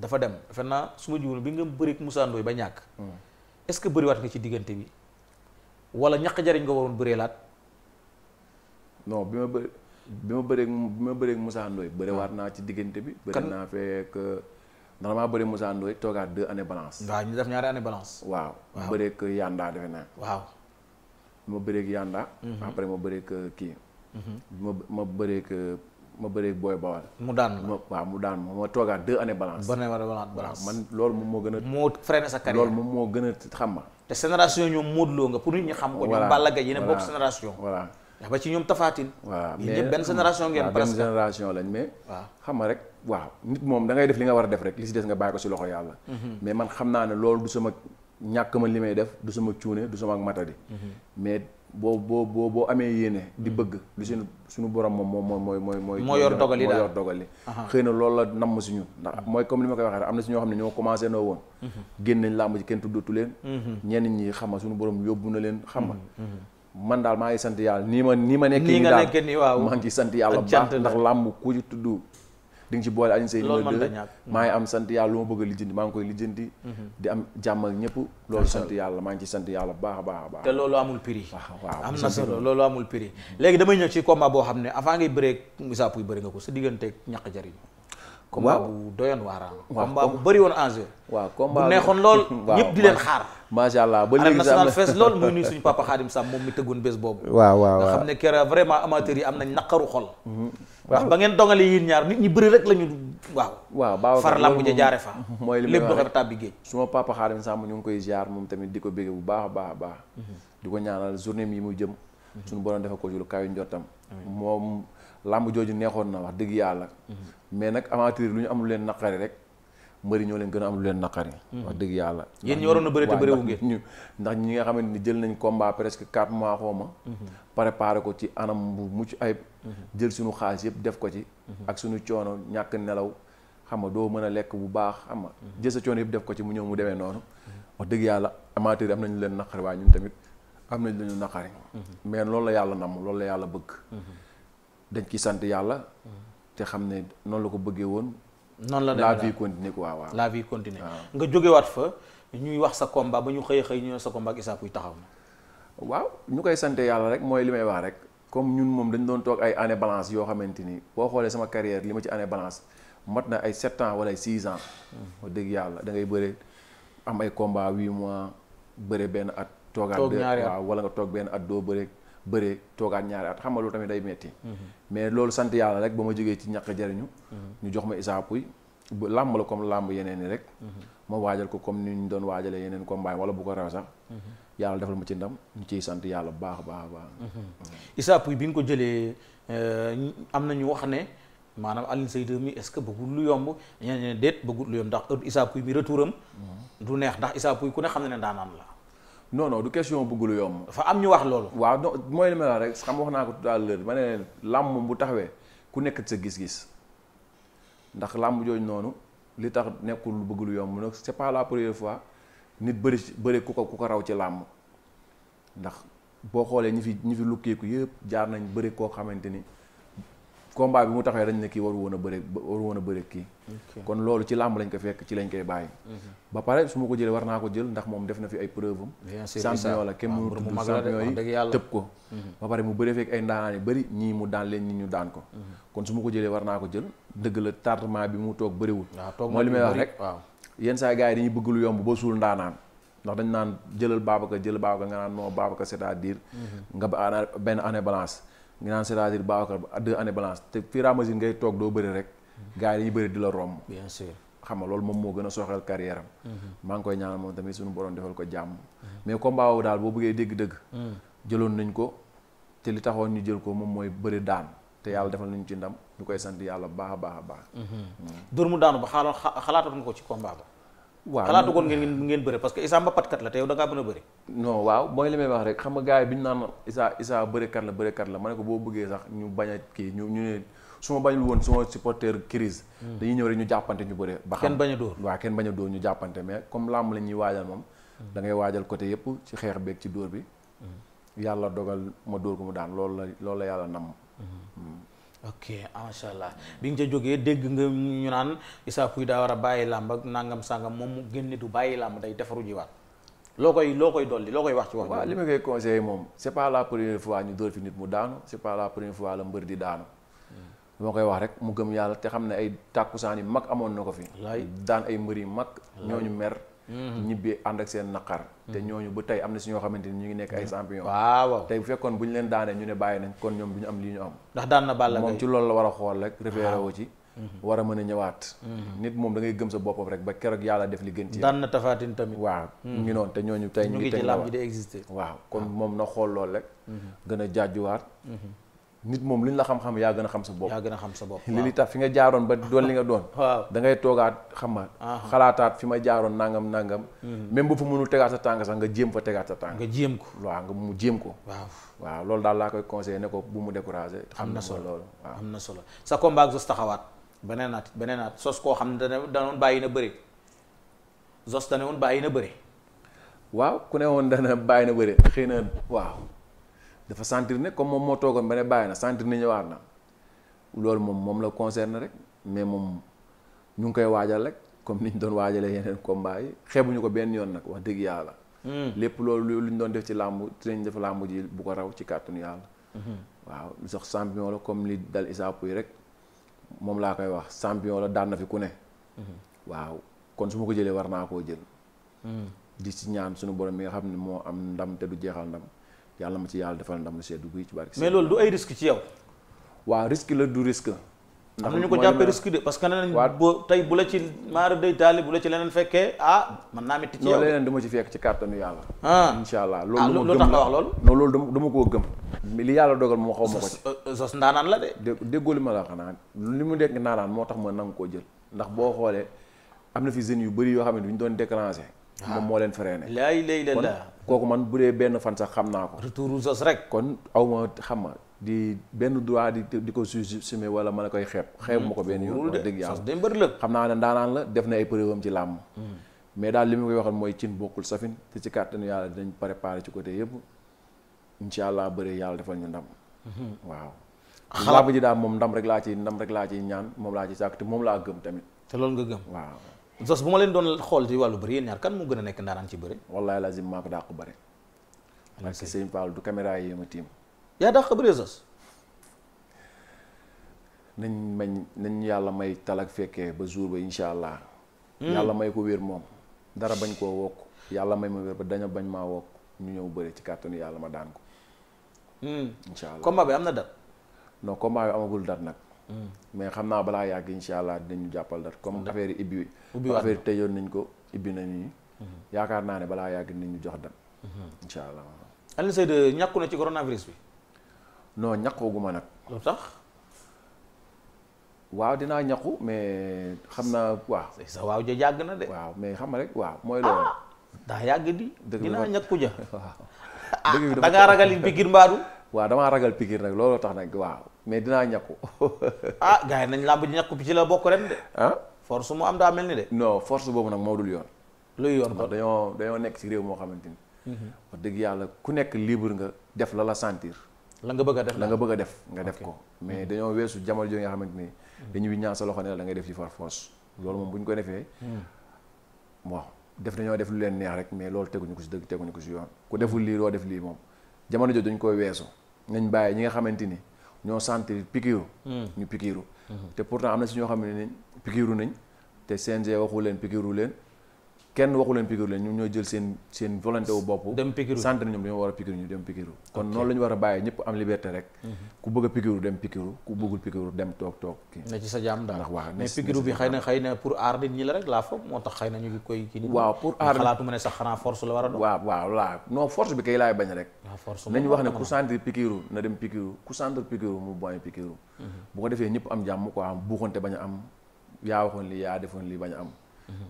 dafa dem defe naa su ma jiwoon bi nga bëri ak Moussa Ndoye ba ñàkk. Mm. est-ce que bëriwaat nga ci diggante bi wala ñàkk jariñ nga waroon bëree laat. non bi ma bë bi ma bëree bi ah. naa ci diggante bi. kan bëri naa fekk. normalement bëri Moussa Ndoye toogaat deux années balance. waaw ñu def ñaari année balance. waaw waaw bëree ak Yanda defe naa. waaw ma bëree ak Yanda. Mhm. après ma bëree ak euh, kii. Mhm. ma ma ak euh, ma bëree ak Boy mu daan ma waaw mu daan ma ma toogaat deux années balance. bëri na wala man loolu moom moo gën moo freiné sa carrière loolu moom moo gën xam ma. te génération ñoom Modou Lo nga pour nit ñi xam ko. voilà ñoom Balla Gaye yéen bokk génération. voilà ndax ba ci ñoom Tapha Tine. mais benn génération ngeen. lañ mais. xam nga rek. waaw nit moom da ngay def li nga war a def rek li si des nga bàyyi ko si loxo yàlla. Mhm. mais man xam naa ne loolu du sama ñàkk ma li may def du sama cuune du sama matadi. Mhm. mais boo boo boo boo amee yéene di mhm. bëgg lu si suñu borom moom mooy mooy mooy. moo yor dogali daal moo yor la namm si ñun ndax mooy comme li ma koy waxee am na si ñoo xam ne ñoo sant yàlla nii ma nii ma nekkee. nii waaw maa ngi sant yàlla baax ndax làmb ku ci tudd di nga ci boole Alioune Seye numéro 2 maa ngi am sant yàlla lu ma bëgg a maa ngi koy lijjanti mhm. di am jàmm ak loolu sant yàlla maa ngi ci sant yàlla baax a baax a baax te loolu amul prix léegi damay ñëw ci combat boo xam ne avant ngay bëree Moussa Pouye bëri nga ko sa digganteeg ñàkk jariñ combat bu doyoon waaraan combat bu bëri woon enjeu waaw combat bu neexoon lool [LAUGHS] ñëpp di leen xaar macha allah ba léegi national fest lool muy nuyu [LAUGHS] suñu papa Khadim Sam moom mi tëggoon bés boobu waaw waaw nga waaw ba ngeen dongale yéen ñaar nit ñi bëri rek la ñu waaw waaw baaw far lamb ja jaare fa [LAUGHS] mooy lépp doxe tàbbi géej suma papa xaarim sàmm ñu ngi koy jaar moom tamit di ko bégge bu baax a baax a baax mhm. di ko ñaanal journée mi mu jëm mhm. suñu borom defa ko ci lu kaw yu njottam moom lamb jooju neexoon na wax dëgg yàlla mhm. mais nag aventure lu ñu amul leen naqari rek mbëri ñoo leen gën a am lu leen naqari hmm. wax dëgg yàlla yéen ñi waroon a bëri te bëriwu ngeen ndax ñi nga xamante ni jël nañ combat presque quatre mois xooma hmm. préparé ko ci anam bu mucc ayib hmm. jël suñu xaalis yëpp def ko ci ak suñu coono ñàkk nelaw xam nga doo mën a lekk bu baax xam na jël sa coono yëpp def ko ci mu ñëw mu demee noonu wax dëgg yàlla amateur yi am nañu leen naqari waaye ñun tamit am nañ lañu naqari mais loolu la yàlla nam loolu la yàlla bëgg dañ ciy sant yàlla te xam ne noonu la ko bëggee woon noonu la la vie continue quoi waaw la vie continue ah. nga jógewaat fa ñuy wax sa combat ba ñu xëyee xëy ñu sa combat ak Issa Pouye taxaw na. waaw ñu koy sante yàlla rek mooy li may wax rek comme ñun moom dañ doon toog ay année balance yoo xamante ni boo xoolee sama carrière li ma ci année balance mat na ay 7 ans wala ay 6 ans. Hmm. wax dëgg yàlla da ngay bëre am ay combat 8 mois bëre benn at. toogaat waaw wala nga toog benn at doo bëre. bëree toogaat ñaari at xam nga loolu tamit day metti mhm. mais loolu sant yàlla rek ba ma jógee ci ñàkk jariñu mhm. ñu jox ma Issa Pouye bu làmb la comme làmb yeneen yi rek mhm. ma waajal ko comme ni ñu doon waajalee yeneen combat wala bu ko raw sax yàlla defal ma ci ndam ñu ciy sant yàlla bu baax a baax a baax Issa bi nga ko jëlee euh, am na ñu wax ne maanaam Alioune Seye 2 mi est-ce que bëggul lu yomb ñeneen ne déet bëggul lu yomb ndax Issa Pouye retouram du neex ndax Issa ku n xam ne ne la non du question bëgg lu yomb. dafa am ñu wax loolu. waa non mooy li ma la rek xam wax naa ko tout à l'heure ma ne leen làmb bu taxawee ku nekk sa gis-gis ndax làmb jooju noonu li tax nekkul lu bëgg lu yomb nag c'est pas la première fois nit bëri bëri ku ko ku ko raw ci làmb ndax boo xoolee ñi fi ñi fi lukkeeku yëpp jaar nañ bëri koo xamante ni. combat bi mu taxawee dañ ne kii waru woon a bëre a bëre kii kon loolu ci làmb lañ ko fekk ci lañ koy bàyyi mhm. ba pare su ma ko jëlee war naa ko jël ndax moom def na fi ay preuve am champion la kenn ah, mënu tudd champion yi mhm. ba pare mu bëree bëri ñii mu daan leen ñu daan ko mhm. kon su ma ko jëlee war naa ko jël dëgg la tardement bi mu toog bëriwul ah, mooy li may wax rek yenn saa gars yi dañuy bëgg lu yomb ba suul ndaanaan ndax dañ naan jëlal Babacar jëlal Babacar nga naan non Babacar c'est-à-dire nga benn nga naan c'est-à-dire Babacar ba deux années balance te fur ngay toog doo bëri rek gars yi dañuy bëri di la romb bien sûr xam nga loolu moom moo gën a soxal carrière am mhm. maa ngi koy ñaanal moom tamit suñu borom defal ko jàmm mhm. mais combat boobu daal boo bëggee dégg-dëgg mhm. jëloon nañ ko te li taxoon ñu jël ko moom mooy bëri daan te yàlla defal nañu ci ndam ñu koy sant yàlla baax a baax a baax dóor mu daanu ba xalaatoon nga ko ci combat ba waaw xalaatu koon ngeen ngeen bëri parce que Issa mbapatkat la te yow da mën a bëri non waaw mooy li may wax rek xam nga gars yi bi ñu naan Issa Issa bërikat la kat la ma ne ko boo bëggee sax ñu baña kii ñu ñu ne su ma bañul woon suma supporter crise hmm. dañuy ñëw rek ñu jàppante ñu bëri ba xam kenn bañ a dóor kenn bañ a ñu jàppante mais comme làmb la ñuy waajal moom hmm. da ngay waajal côté yëpp ci xeex beeg ci dóor bi hmm. yàlla dogal ma dóor ko mu daan lool la loolu la yàlla nam ok macha allah bi nga ca jógee dégg nga ñu naan Issa yi daa war a bàyyi làmb ak nangam sàngam moom mu génne du bàyyi làmb day defaru jiwaat loo koy loo koy dolli loo koy wax ci wax. waaw li ma koy conseillé moom c'est pas la première fois ñu dóor fi nit mu daanu c'est pas la première fois la mbër di daanu. moo hmm. koy wax rek mu gëm yàlla te xam ne ay tàkkusaan yu mag amoon na ko fi. daan ay mbër yu mag. ñoo ñu mer. Mm-hmm. ñibbi ànd ak seen naqar te mm-hmm. ñu bu tey am na si ñoo xamante ni ñu ngi nekk ay mm-hmm. champion waaw tey bu fekkoon bu ñu leen daanee ñu ne bàyyi nañ kon ñoom bu ñu am lii ñu am ndax daan na Balla moom ci loolu la war a xool rek référé wu ci war a mën a ñëwaat nit moom da ngay gëm sa boppam rek ba keroog yàlla def li gën ci daan na tafaatin tamit waaw ñu ngi noonu te ñooñu tey ñu ngi ci làmb ji di exister waaw kon ah. moom na xool lool rek gën a jaajuwaat nit moom lu ñu la xam-xam yaa gën a xam sa bopp yaa gën a xam sa bopp li li tax fi nga jaaroon ba doon li nga doon waaw da ngay toogaat xam ma xalaataat fi ma jaaroon nangam nangam mhm. même bu fa mënul tegaat sa tànk sax nga jéem fa tegaat sa tànk nga jéem ko waaw nga mu jéem ko waaw waaw loolu daal laa koy conseillé ne ko bu mu découragé am na solo loolu am na solo sa combat ak Zoss taxawaat beneen naat beneen naat Zoss koo xam ne danoon bàyyi na bëri Zoss danoon bàyyi na bëri waaw ku ne woon dana bàyyi na bëri xëy na waaw dafa sentir ne comme moom moo toogoon ba ne bàyyi na sentir ne ñëwaat na loolu moom moom la concerne rek mais moom ñu ngi koy waajal rek comme ni ñu doon waajalee yeneen combat yi xeebuñu ko benn yoon nag wax dëgg yàlla. Hmm. lépp loolu lu ñu doon def ci làmb dinañ def làmbu ji bu ko raw ci kàttanu yàlla. Hmm. waaw lu sax champion la comme li dal Issa yi rek moom laa koy wax champion la daan na fi ku ne. Hmm. waaw kon su ma ko jëlee war naa koo jël. di ci ñaan borom mi nga xam ne moo am ndam te du jeexal yàlla ma ci yàlla defal ndam lu seddu guy ci barke mais loolu du ay risque ci yow waaw risque la du risque am nañu ko jàppee risque de parce que nee nañ boo tey bu la ci maara day taali bu la ci leneen fekkee ah man naa métti ci yow leneen dama ci fekk ci kàttanu yàlla ah incha allah ah, loolu lu tax nga wax loolu non dama dama koo gëm li yàlla dogal moo xaw ma ko ci euh, euh, sos ndaanaan la de déggoo li ma la xanaa li mu nekk ndaanaan moo tax ma nangu koo jël ndax boo xoolee am na fi jeunes yu bëri yoo xam ne duñu doon déclenché moom ah. moo leen freiné. laay lay la kooku man bu dee benn fan sax xam naa ko. retour sos rek. kon aw ma xam ma di benn droit di di ko sume wala man a koy xeeb. Hmm. xeeb ma ko benn yoon dëgg yàlla xam naa ne daanaan la def na ay preuve am ci làmm. Hmm. mais daal li ma koy waxal mooy cin bokkul safin te ci kàttanu yàlla dinañ préparé ci côté yëpp incha allah bëre yàlla defal ñu ndam. Hmm. waaw. xalaat ji daal moom ndam rek laa ci ndam rek laa ciy ñaan moom laa ci sàkk te moom laa gëm tamit. loolu nga waaw. Zoss bu ma leen doon xool ci wàllu bëri yéen ñaar kan moo gën a nekk ndaanaan ci bëri. wallaahi lazim maa ko dàq bëri. parce que sëñ Fall du caméra yi ma tiim. yaa dàq bëri Zoss. nañ mañ nañ yàlla may talak fekkee ba jour ba incha allah. Hmm. yàlla may ko wér moom. dara bañ koo wokk yàlla may ma wér ba daña bañ maa wokk ñu ñëw bari ci kàttanu yàlla ma daan ko. Hmm. incha allah combat bi am na dat. non combat bi amagul dat nag. mais xam naa balaa yàgg incha allah dinañu jàppal dara comme affaire yi ibbi affaire tëjoon nañ ko ibbi nañu mhm. yaakaar naa ne balaa yàgg ñu jox dara mhm. incha allah Alioune Seye ñàkku na ci bi non ñàkkooguma nag lu tax waaw dinaa ñàkku mais xam naa waaw sa waaw ja na de mais xam na rek waaw mooy loolu ah, yàgg di dinaa ñàkku ja [LAUGHS] waaw damaa ragal pikiir nag looloo tax nag waaw mais dinaa ñàkku [LAUGHS] ah gars yi nañ làmb ji ñàkku bi ci la bokk ren de ah force mu am daa mel ni de non force boobu nag moo dul yoon luy yoon ko dañoo dañoo nekk ci réew moo xamante ni mhm. wax dëgg yàlla ku nekk libre nga def la la sentir la nga bëgg a def la nga bëgg a def nga def ko mais dañoo weesu jamono jooju nga xamante ni mhm. dañuy ñaan sa loxo ne la ngay def ci far force loolu moom bu ñu ko defee mhm. waaw def dañoo def lu leen neex rek mais loolu ko ci dëgg ko ci yoon ku deful lii def lii moom jamono jooju dañu koy weesu nañ bàyyi ñi nga xamante ni ñoo sentir pikiru hmm. ñu pikiru hmm. te pourtant am na si ñoo xam ne pikiru nañ te CNG waxu leen pikiru leen kenn waxu leen piqûre leen ñoom ñoo jël seen seen volonté wu bopp dem piqûre sant na ñoom dañoo war a piqûre ñu dem piqûre kon noonu la ñu war a bàyyi ñëpp mhm. dem piqûre ku bëggul piqûre dem toog toog sa jàmm daal ndax bi xëy na xëy na pour aar nit ñi la rek laa na ñu ngi koy kii waaw pour aar xalaatu ma ne sax xanaa force la war a doon force bi kay laay bañ rek force nañu wax ne ku sentir piqûre na dem piqûre ku sentir piqûre mu bañ piqûre mhm. bu ko defee ñëpp am jàmm quoi buuxante bañ a am yaa waxoon li yaa defoon li bañ am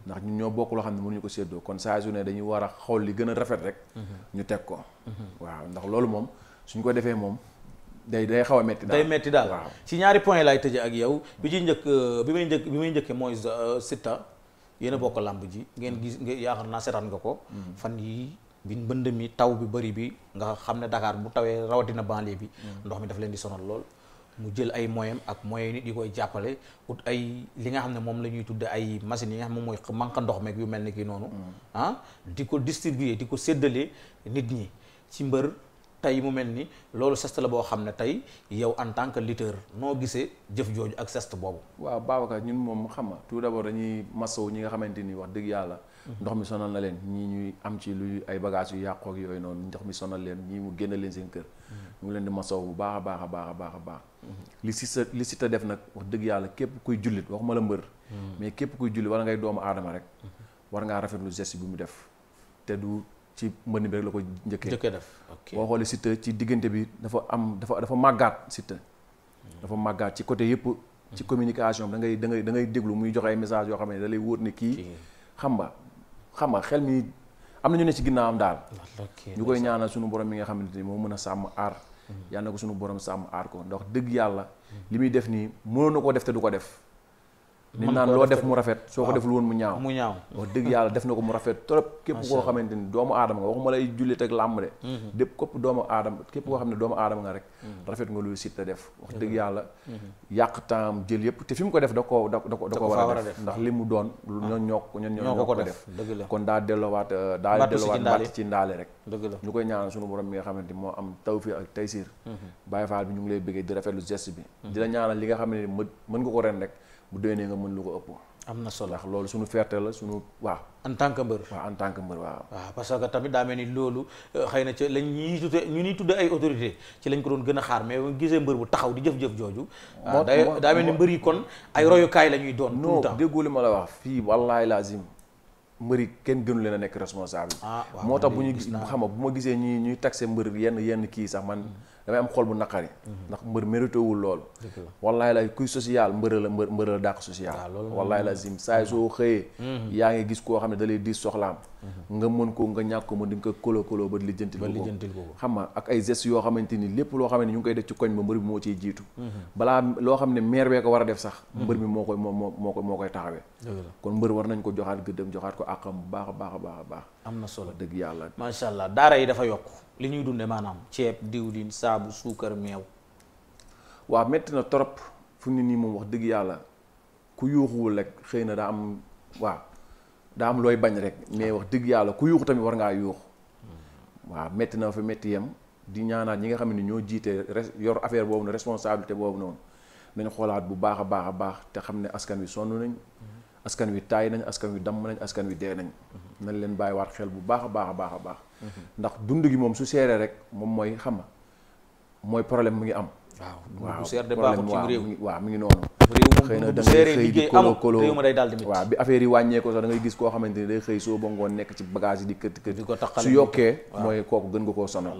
ndax ñun ñoo bokk loo xam ne mënuñu ko séddoo kon saa su ne dañu war a xool li gën a rafet rek ñu teg ko waaw ndax loolu moom suñ ko defee moom day day xaw a metti daal day metti daal ci ñaari point laay tëje ak yow bi ci njëkk euh, bi may njëkk bi may njëkkee mooy euh, Siteu yéen a bokk làmb ji ngeen gis yaakaar naa seetaan nga ko hmm. fan yi bi mbënd mi taw bi bëri bi nga xam ne dakaar bu tawee rawatina banlieue bi hmm. ndox mi daf leen di sonal lool mu jël ay moyem ak moyens nit yi koy jàppale ut ay li nga xam ne moom la ñuy tudde ay machines yi nga xam ne mooy manque ndox meeg yu mel ni ki noonu mm. ah di ko distribuer di ko séddale nit ñi ci mbër tey mu mel ni loolu geste la boo xam ne tey yow en tant que lutteur noo gisee jëf jooju ak geste boobu waaw Babacar ñun moom xam nga tout d'abord dañuy masaw ñi nga xamante ni wax dëgg yàlla ndox mi sonal na leen ñii ñuy am ci lu ay bagages yu yàqook yooyu noonu ndox mi sonal leen ñii mu génn leen seen kër mm. ñu ngi leen di masaw bu baax a baax a baax a baax baax mm-hmm. li si sa li si ta def nag wax dëgg yàlla képp kuy jullit waxuma a mbër mm. mais képp kuy jullit wala ngay doomu aadama rek mm-hmm. war ngaa rafet rafetlu geste bi mu def te du ci mbënd bi rek la ko njëkkee njëkkee def boo xoolee Siteu ci diggante bi dafa am dafa dafa màggaat Siteu mm. dafa màggaat ci côté yëpp ci communication da ngay da da ngay déglu muy joxe ay message yoo xam ne da lay wóor kii xam xam nga xel mi am na ñu ne ci ginnaawam daal. ñu koy ñaanal suñu borom mi nga xamante ni moo mën a sàmm aar. Mm-hmm. yàlla ko suñu borom sàmm aar ko ndax dëgg yàlla. li muy def nii mënoon na ko def te du ko def. li naan loo def mu rafet soo ko deful woon mu ñaaw mu wax dëgg yàlla def na ko mu rafet trop képp koo xamante ni doomu aadama nga waxuma lay jullit ak làmb de mhm. dépp képp koo xam ne doomu aadama nga rek mhm. rafet nga luy dëgg mhm. yàlla yàq temps jël yëpp te fi mu ko def da ko da ko da ko war a def ndax li mu doon ah. ñoon ñoo ñoon ko def kon daa delloowaat euh, daa delloowaat mbatt ci ndaale rek ñu koy ñaanal suñu borom mi nga xamante moo am tawfiq ak taysir Baye Fall bi ñu ngi lay bëggee di rafetlu geste bi di la li nga xam ne mën nga ko ren bu déwénee nga mën lu ko ëpp. am na solo ndax loolu suñu fierté la suñu waa en tant que mbër. waaw en tant que mbër waa parce que tamit daa mel ni loolu euh, xëy na ci lañ ñuy tuddee ñu ñuy tuddee ay autorité ci lañ ko doon gën a xaar mais bu gisee mbër bu taxaw di jëf-jëf jooju. waaw ah, daa mel ni mbër yi kon ay royukaay la ñuy doon. tout le temps déggoo li ma la wax fii wallaahi lazim mbër yi kenn gënu leen a nekk responsable. ah waaw moo tax bu ñu gis xam nga bu ma gisee ñuy ñuy taxé mbër yenn yenn kii sax man mm-hmm. damay am xol bu naqari. Mhm. ndax mbër mérité wul wallaay la kuy social mbër la mbër la dàq social. Ah, wallaay la zim saa soo xëyee. Mhm. yaa ngi gis koo xam ne da lay diis soxlaam. Mhm. nga mën ko nga ñàkk ko mën di ko kolo kolo ba lijjantil ko xam nga ak ay gestes yoo xamante ni lépp loo xam ne ñu ngi koy def koñ ba mbër bi moo ciy jiitu. balaa loo xam ne maire bee ko war a def sax. mbër bi moo koy moo moo moo koy taxawee. kon mbër war nañ ko joxaat gëddëm joxaat ko àqam bu baax a baax a baax a baax. am na solo dëgg yàlla. macha allah daara yi dafa yokk li ñuy dunde maanaam ceeb diwlin saabu suukar meew waaw metti na trop fu ni nii moom wax dëgg yàlla ku yuuxuwul rek xëy na daa am waa daa am looy bañ rek mais wax dëgg yàlla ku yuuxu tamit war ngaa yuux waaw metti na fa métti yem di ñaanaat ñi nga xam ne ñoo jiite yor affaire boobu na responsabilité boobu noonu nañu xoolaat bu baax a baax a baax te xam ne askan wi sonn nañ mm-hmm. askan wi taay nañ askan wi damm nañ askan wi dee nañ mm-hmm. nañ leen bàyyiwaat xel bu baax a baax a baax a baax. ndax dund gi moom su seeree rek moom mooy xam nga mooy problème mu ngi am. waaw bu seer de réew waaw mi ngi noonu xëy na da ngay xëy di kolo kolo waaw bi affaire yi wàññee ko sax da ngay gis koo xamante ni day xëy soo bongoon nekk ci bagage yi di kët kët su yokkee mooy kooku gën nga koo sonal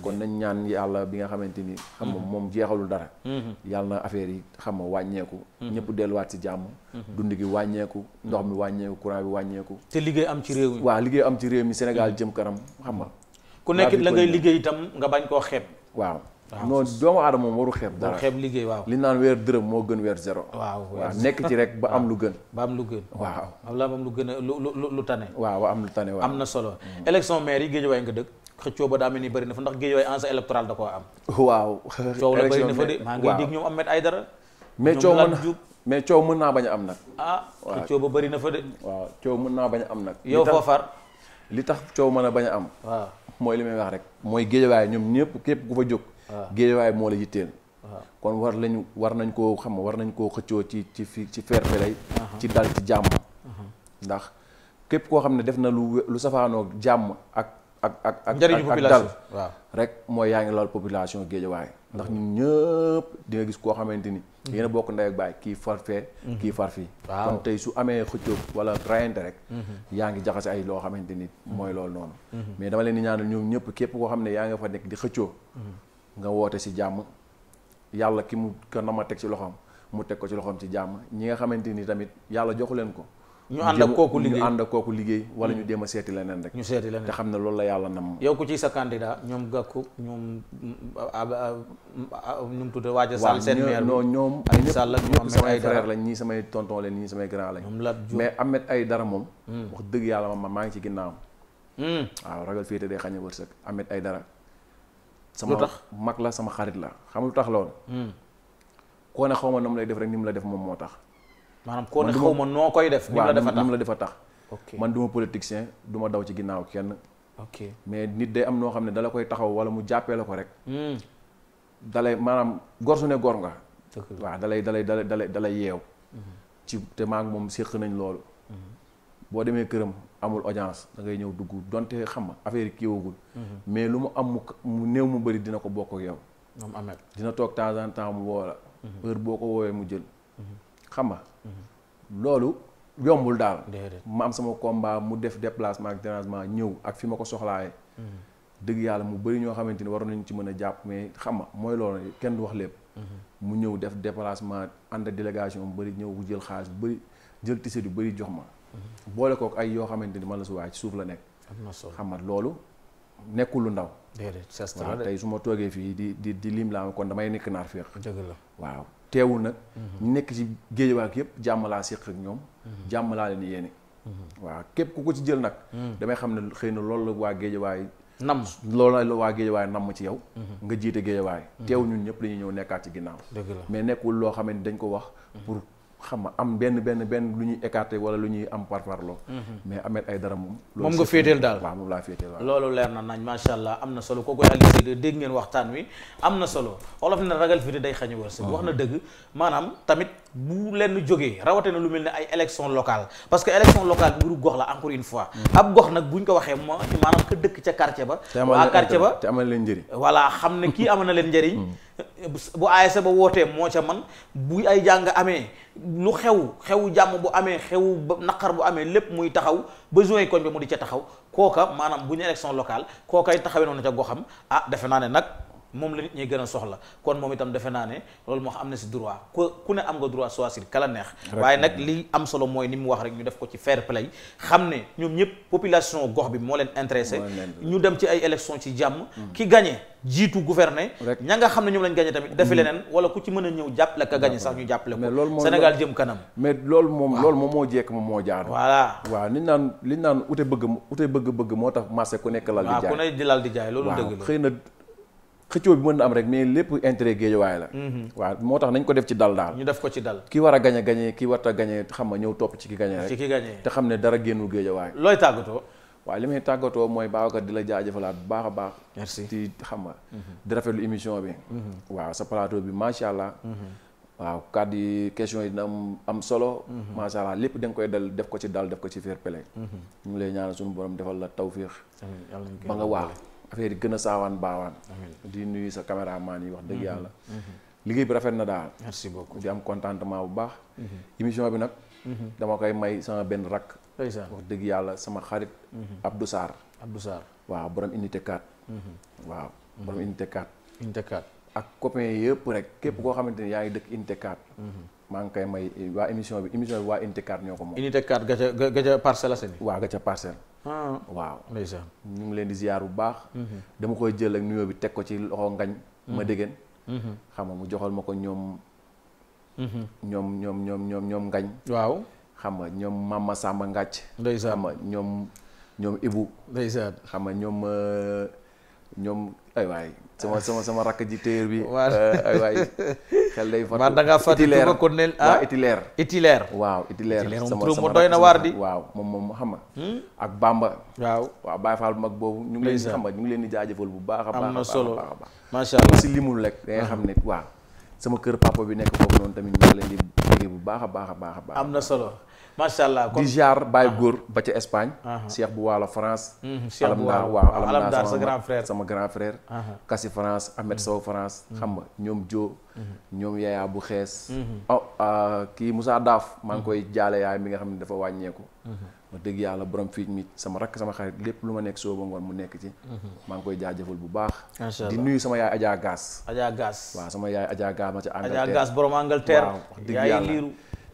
kon nañ ñaan yàlla bi nga xamante ni xam nga mm-hmm. moom jeexalul dara mm-hmm. yàlla na affaire yi xam nga wàññeeku mm-hmm. ñëpp delluwaat ci jàmm dund gi wàññeeku ndox mi wàññeeku courant bi wàññeeku te liggéey am ci réew mi waaw liggéey am ci réew mi Sénégal jëm kanam xam nga ku nekk la ngay liggéey itam nga bañ koo xeeb waaw Ah, non doomu aadama moom waru xeeb dara xeeb liggéey waaw li naan weer dërëm moo gën weer zéro waaw waaw nekk ci rek am lu gën ba lu gën waaw am la am lu gën a lu lu lu tane waaw am lu tane waaw am na solo élection maire yi Guédiawaye nga dëkk xëccoo ba daa ni bëri na fa ndax Guédiawaye enjeu électoral da koo am waaw coow la bëri na mais coow mën mais coow mën naa bañ am nag ah xëccoo ba bëri na fa de mën naa bañ a am nag ah, yow foo li tax coow mën a bañ am waaw mooy li may wax rek mooy Guédiawaye ñoom ñëpp képp ku fa jóg géejawaay moo la yitteel kon war lañu war nañ koo xam war nañ koo xëccoo ci ci fi ci fair play uh-huh. ci dal ci jàmm uh-huh. ndax képp koo xam ne def na lu lu safaanoo jàmm ak ak ak ak ak dal rek mooy yaa ngi lal population géejawaay ndax ñu uh-huh. ñëpp di gis koo xamante ni yéen a bokk ndey ak baay kii far fee kii far fii kon tey su amee xëccoo wala rayante rek yaa ngi jaxase ay loo xamante ni mooy loolu noonu mais dama leen di ñaanal ñoom ñëpp képp koo xam ne yaa nga fa nekk di xëccoo nga woote si jàmm yàlla ki mu ko na ma teg ci loxoom mu teg ko ci loxoom ci jàmm ñi nga xamante ni tamit yàlla joxu leen ko. ñu ànd ak kooku liggéey ñu ànd kooku liggéey. wala ñu mm. jéem a seeti leneen rek. ñu seeti leneen te xam ne loolu la yàlla nam. yow ci sa candidat ñoom Gakou ñoom ah, ah, ah, nu mu tudd waaja Sall seen maire non ñoom ay ñëpp Sall ñoom samay frère lañ ñii samay tonton lañ ñii samay grand lañ. mais ay Aïdara moom. Mm. wax dëgg yàlla ma maa ngi ci ginnaawam. Mm. waaw ragal féete day xañ a wërsëg Ahmed Aïdara sama mag la sama xarit la xam lu tax lool woon. Hmm. koo ne xaw ma noonu lay def rek ni mu la def moom moo tax. maanaam koo ne xaw ma noo koy def. ni mu la def a tax ni mu man du ma politicien du ma daw ci ginnaaw kenn. ok mais nit day am noo xam ne dala koy taxaw wala mu jàppee la ko rek. Hmm. dalay maanaam gor su ne gor nga. waaw dalay dalay dalay dalay dalay yeew. Hmm. ci te maa ngi moom séq nañ loolu. boo demee këram amul audience da ngay ñëw dugg donte xam nga affaire yi kiiwagul mhm. mais lu mu am mu néew mu bëri dina ko bokk yow moom dina toog temps en temps mu woo la mhm. heure boo ko woowee mu jël mhm. xam nga loolu yombul daal ma am sama combat mu def déplacement ak ñëw ak fi ma ko soxlaaye dëgg yàlla mu bëri ñoo xamante ni waroon nañu ci mën a jàpp mais xam nga mooy loolu kenn du wax lépp mu ñëw def déplacement ànd délégation mu bëri ñëw jël xaalis bu bëri jël tiset yu bëri jox ma boole kook ay yoo xamante ni man la si waaye ci suuf la nekk. am na solo xam nga loolu nekkul lu ndaw. déedéet tey su ma toogee fii di di di lim laa kon damay nekk naar féex. dëgg la waaw teewul nag. Mhm. ñu nekk ci géejawaak yëpp jàmm laa séq ñoom. Mhm. jàmm laa leen yéene. Mhm. waaw ko ci jël nag. damay xam ne xëy na loolu la waa géejawaay. nam loolu la waa géejawaay nam ci yow. nga jiite géejawaay. teew ñun ñëpp la ñuy ñëw nekkaat ci ginnaaw. dëgg la mais nekkul loo xam dañ ko wax pour. xam nga am benn benn benn lu ñuy écarté wala lu ñuy am par parloo mhm. mais ay dara moom. moom nga féeteel daal waaw moom laa féeteel waaw. loolu leer na nañ macha allah am na solo kooku Aliou Seyde dégg ngeen waxtaan wi am na solo olof na ragal fi day xañu wërsëg. wax na dëgg maanaam tamit bu lenn jógee rawatina lu mel ni ay élection locale parce que élection locale mbiru gox la encore une fois. Mm. ab gox nag buñ ko waxee ma maanaam ka dëkk ca quartier ba. waa quartier ba te amal leen njëriñ. xam ne kii amal na leen njëriñ. [LAUGHS] Mm. bu ASC ba wootee moo ca man bu ay jàng amee lu xew xewu jàmm bu amee xew ba naqar bu amee lépp muy taxaw ba yi koñ bi mu di ca taxaw kooka maanaam bu ñu élection locale kookay taxawee noonu ca goxam ah defe naa ne nag moom la nit gën a soxla kon moom itam defe naa ne loolu moo am na si droit ku ku ne am nga droit choisir kala neex waaye nag li am solo mooy ni mu wax rek ñu def ko ci fair play xam ne ñoom ñëpp population gox bi moo leen intéressé ñu dem ci ay élection ci jàmm mm. ki gagné jiitu gouverner ña nga xam ne ñoom lañ gagné tamit defi mm. leneen wala ku ci mën a ñëw jàppale ka gagné sax ñu jàppale ko Sénégal jëm kanam mais loolu moom loolu moom moo jekk moom moo jaadu voilà waaw liñ naan liñ naan ute bëgg ute bëgg bëgg moo tax marché ku nekk lal lal di jaay loolu dëgg la xëy na xëccoo bi mën na am rek mais lépp intérêt géejawaay la mhm. waaw moo tax nañ ko def ci dal daal ñu def ko ci dal ki war a gañe gañe ki warta gañe xam nga ñëw topp ci ki gañe rek te xam ne dara génnul géejawaay looy tàggatoo waaw li may tàggatoo mooy Babacar di la jaajëfalaat bu baax a baax merci di xam nga mhm. di rafetlu bi mhm. waaw sa plateau bi macha allah waaw kàddu yi yi dina am am solo macha allah lépp da koy dal def ko ci dal def ko ci fair play ngi lay ñaanal suñu borom defal la tawfiix ba nga waa affaire yi gën a saawaan baawaan di nuyu sa caméraman yi wax dëgg mhm. yàlla mhm. liggéey bi rafet na daal merci beaucoup di am contentement bu baax mhm. émission bi nag dama koy may sama benn rakk wax dëgg yàlla sama xarit Abdou saar Abdou Sarr waaw borom unité 4 waaw borom unité 4 unité 4 ak copain yëpp rek képp koo xamante ni yaa ngi dëkk unité maa ngi koy may waa émission bi émission bi waa unité 4 ñoo ko moom. unité 4 ga ca a ca waaw ga ca Parcelles. waaw. ndeysaan ñu ngi leen di ziar bu baax. Mhm. dama koy jël ak nuyo bi teg ko ci loxo ngañ. Mhm. ma déggeen. Mhm. xam nga mu joxal ma ko ñoom. ñoom ñoom ñoom ñoom ñoom ngañ. waaw xam nga ñoom Mama ma Ngacc. ndeysaan xam ma ñoom ñoom Ibu. ndeysaan xam nga ñoom euh, ñoom ay waay sama sama sama rakk ji téer bi. waaw eh, waay xel day. fàttali da ngaa fàttali ko kon ne ah waaw itileer sama sama doy na waar di. waaw moom moom xam nga. Hmm? ak Bamba. waaw waaw Baye bu mag boobu. ñu ngi leen di xam nga ñu ngi leen di jaajëfal bu baax a baax. am na solo macha allah si limul rek. da nga xam ne waaw. sama kër papa bi nekk foofu noonu tamit maa leen di bëggee bu baax a baax a baax a am na solo macha allah. di jaar baay Góor ba ca Espagne. Cheikh bu waalo France. Mhm, Cheikh bu waalo waaw Alamdaar sama grand frère. Kassi France Ahmed mhm. Sow France. Mhm. xam nga ñoom Jo. ñoom Yaya bu xees. oh ah, kii Moussa Daaf. maa ngi koy jaale yaay mi nga xam ne dafa wàññeeku. ma dëgg yàlla borom fii mi sama rakk sama xarit lépp lu ma nekk soo ba ngoon mu nekk ci mhm. maa ngi koy jaajëfal bu baax di nuyu sama yaay Adja Gaas Adja Gaas waaw sama yaay Adja Gaas ma ca Angleterre Adja borom Angleterre waaw wax dëgg yàlla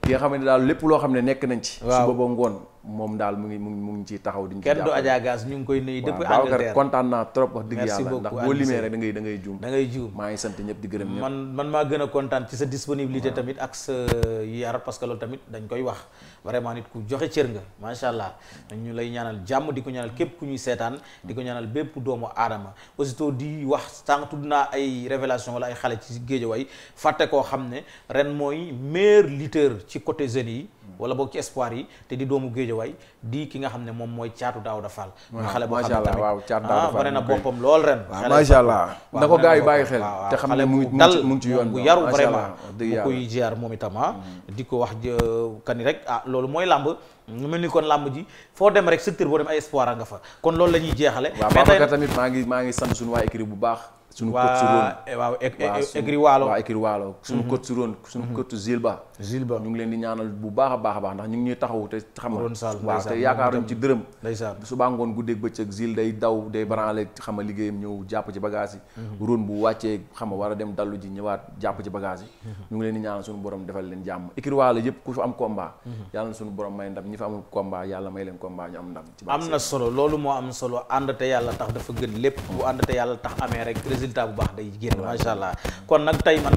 ki nga xam ne daal lépp loo xam ne nekk nañ ci su booba ngoon moom daal mu ngi mu ngi mu ngi ciy taxaw. di ñu ci jàppale kenn du Adja ñu ngi koy nuyu depuis Angleterre kontaan naa trop wax dëgg yàlla ndax boo limee rek juum. da juum maa ngi sant ñëpp di gërëm ñëpp. man man maa gën a kontaan ci sa disponibilité tamit ak sa euh, yar parce que loolu tamit dañ koy wax vraiment nit ku joxe cër nga macha allah ñu lay ñaanal jàmm di ko ñaanal képp ku ñuy seetaan di ko ñaanal bépp doomu aadama aussitôt di wax sànq tudd naa ay révélation wala ay xale ci géejawaay fàtte koo xam ne ren mooy meilleur lutteur ci côté jeunes yi wala boog ci espoir yi te di doomu géejawaay di ki nga xam ne moom mooy caatu daaw da nga xale boo xam ne tamit waaw caatu Daouda ah, Fall bare na boppam lool ren macha allah na ko gars yi bàyyi xel te xam ne mu ngi dal mu ngi yoon bu yaru vraiment mu koy ziar moom itam ah, mm-hmm. di ko wax euh, kani rek ah loolu mooy làmb mu mel ni kon làmb ji foo dem rek secteur boo dem ay espoir a nga fa kon loolu la ñuy jeexale waaw Babacar tamit maa ngi maa ngi sant suñu waa écrit bu baax suñu coach su roon eh, waaw écrit waalo waaw écrit waalo suñu mm-hmm. coach su roon suñu mm-hmm. coach Zilba Jules Ba ñu ngi leen di ñaanal bu baax a baax a baax ndax ñu ngi ñuy taxawu te xam nga waaw te yaakaaruñ ci dërëm ndeysaan subaa ngoon guddeeg bëccëg Jules day daw day branle xam nga liggéeyam ñëw jàpp ci bagage yi mhm. ron bu wàccee xam war a dem dallu ji ñëwaat jàpp ci bagage yi mhm. ñu ngi leen di ñaanal suñu borom defal leen jàmm ikirwaa la yëpp ku fi am combat mhm. yàlla na suñu borom may ndam ñi fi amul combat yàlla may leen combat ñu am ndam ci am na solo loolu moo am solo ànd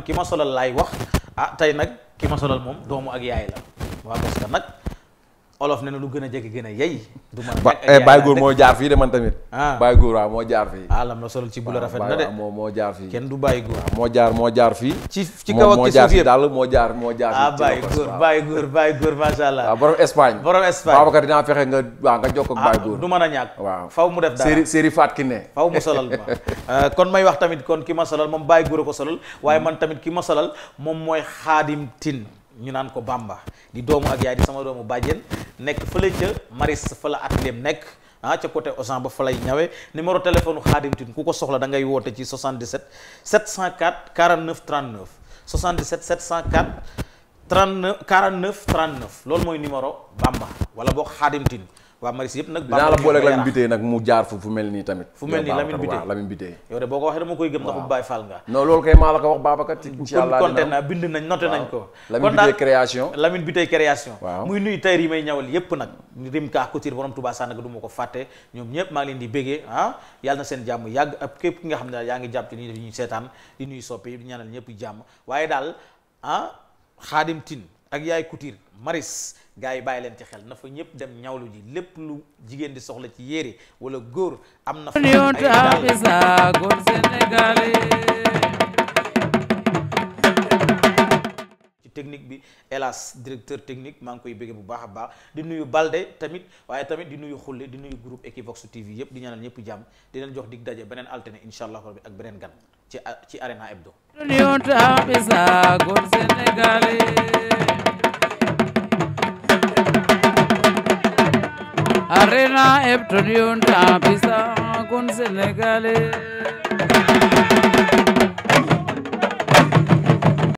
te ma solo laay wax ah tey nag ki ma solal moom doomu ak yaay la waaw parce que nag olof ne na lu gën a jege gën a yey. du ma eh, Baye Góor moo jaar fii de man tamit. ah Baye Góor waaw moo jaar fii. ah lam la solal ci bu la rafet na de moo moo jaar fii. kenn du Baye Góor moo jaar moo jaar fii. ci ci kaw ak ci suuf yëpp daal moo jaar moo jaar. ah Baye Góor Baye Góor Baye Góor macha allah. waaw borom Espagne borom Espagne Babacar dinaa fexe nga waaw nga jokkoo ak ah, Baye Góor. du mën a ñàkk waaw faw mu def dara séri séri Faat ki ne. faw mu solal ma [LAUGHS] euh, kon may wax tamit kon ki ma solal moom Baye Góor a ko solal waaye hmm. man tamit ki ma solal moom mooy Xaadim Tin ñu naan ko Bamba di doomu ak yaay di sama doomu bàjjen nekk fële ca Maris fa la atelier nekk ah ca côté Auchan ba fa lay ñawee numéro téléphone Khadim Tine ku ko soxla da ngay woote ci 77 704 49 39 77 704 39 49 39 loolu mooy numéro Bamba wala boo Khadim waa Maris yëpp nag. baax la boole ak Lamine Biteye nag mu jaar fu fu mel nii tamit. fu mel nii Lamine Biteye Lamine yow de boo ko waxee dama koy gëm ndax bu Baye Fall nga. non loolu kay maa la ko wax Babacar. incha allah ko. Lamine Biteye création nag. Rimka ma ko fàtte ñoom ñëpp maa ngi leen di béggee ah yàlla na seen jàmm yàgg ak képp ki nga xam ne yaa ngi jàpp ci ñu seetaan di nuyu soppi di ñaanal ñëpp jàmm waaye daal ah Xaadim tin ak yaay couture maris gars yi bàyyi leen ci xel na fa ñëpp dem ñawlu ji lépp lu jigéen di soxla ci yére wala góor am na fa ci technique bi hélas directeur technique maa ngi koy bëgge bu baax a baax di nuyu Balde tamit waaye tamit di nuyu xulle di nuyu groupe Equivox TV yépp di ñaanal ñëpp jàmm di leen jox dig daje beneen alterné incha allah rabbi ak beneen gan ci ci Arena Hebdo. Arena Hebdo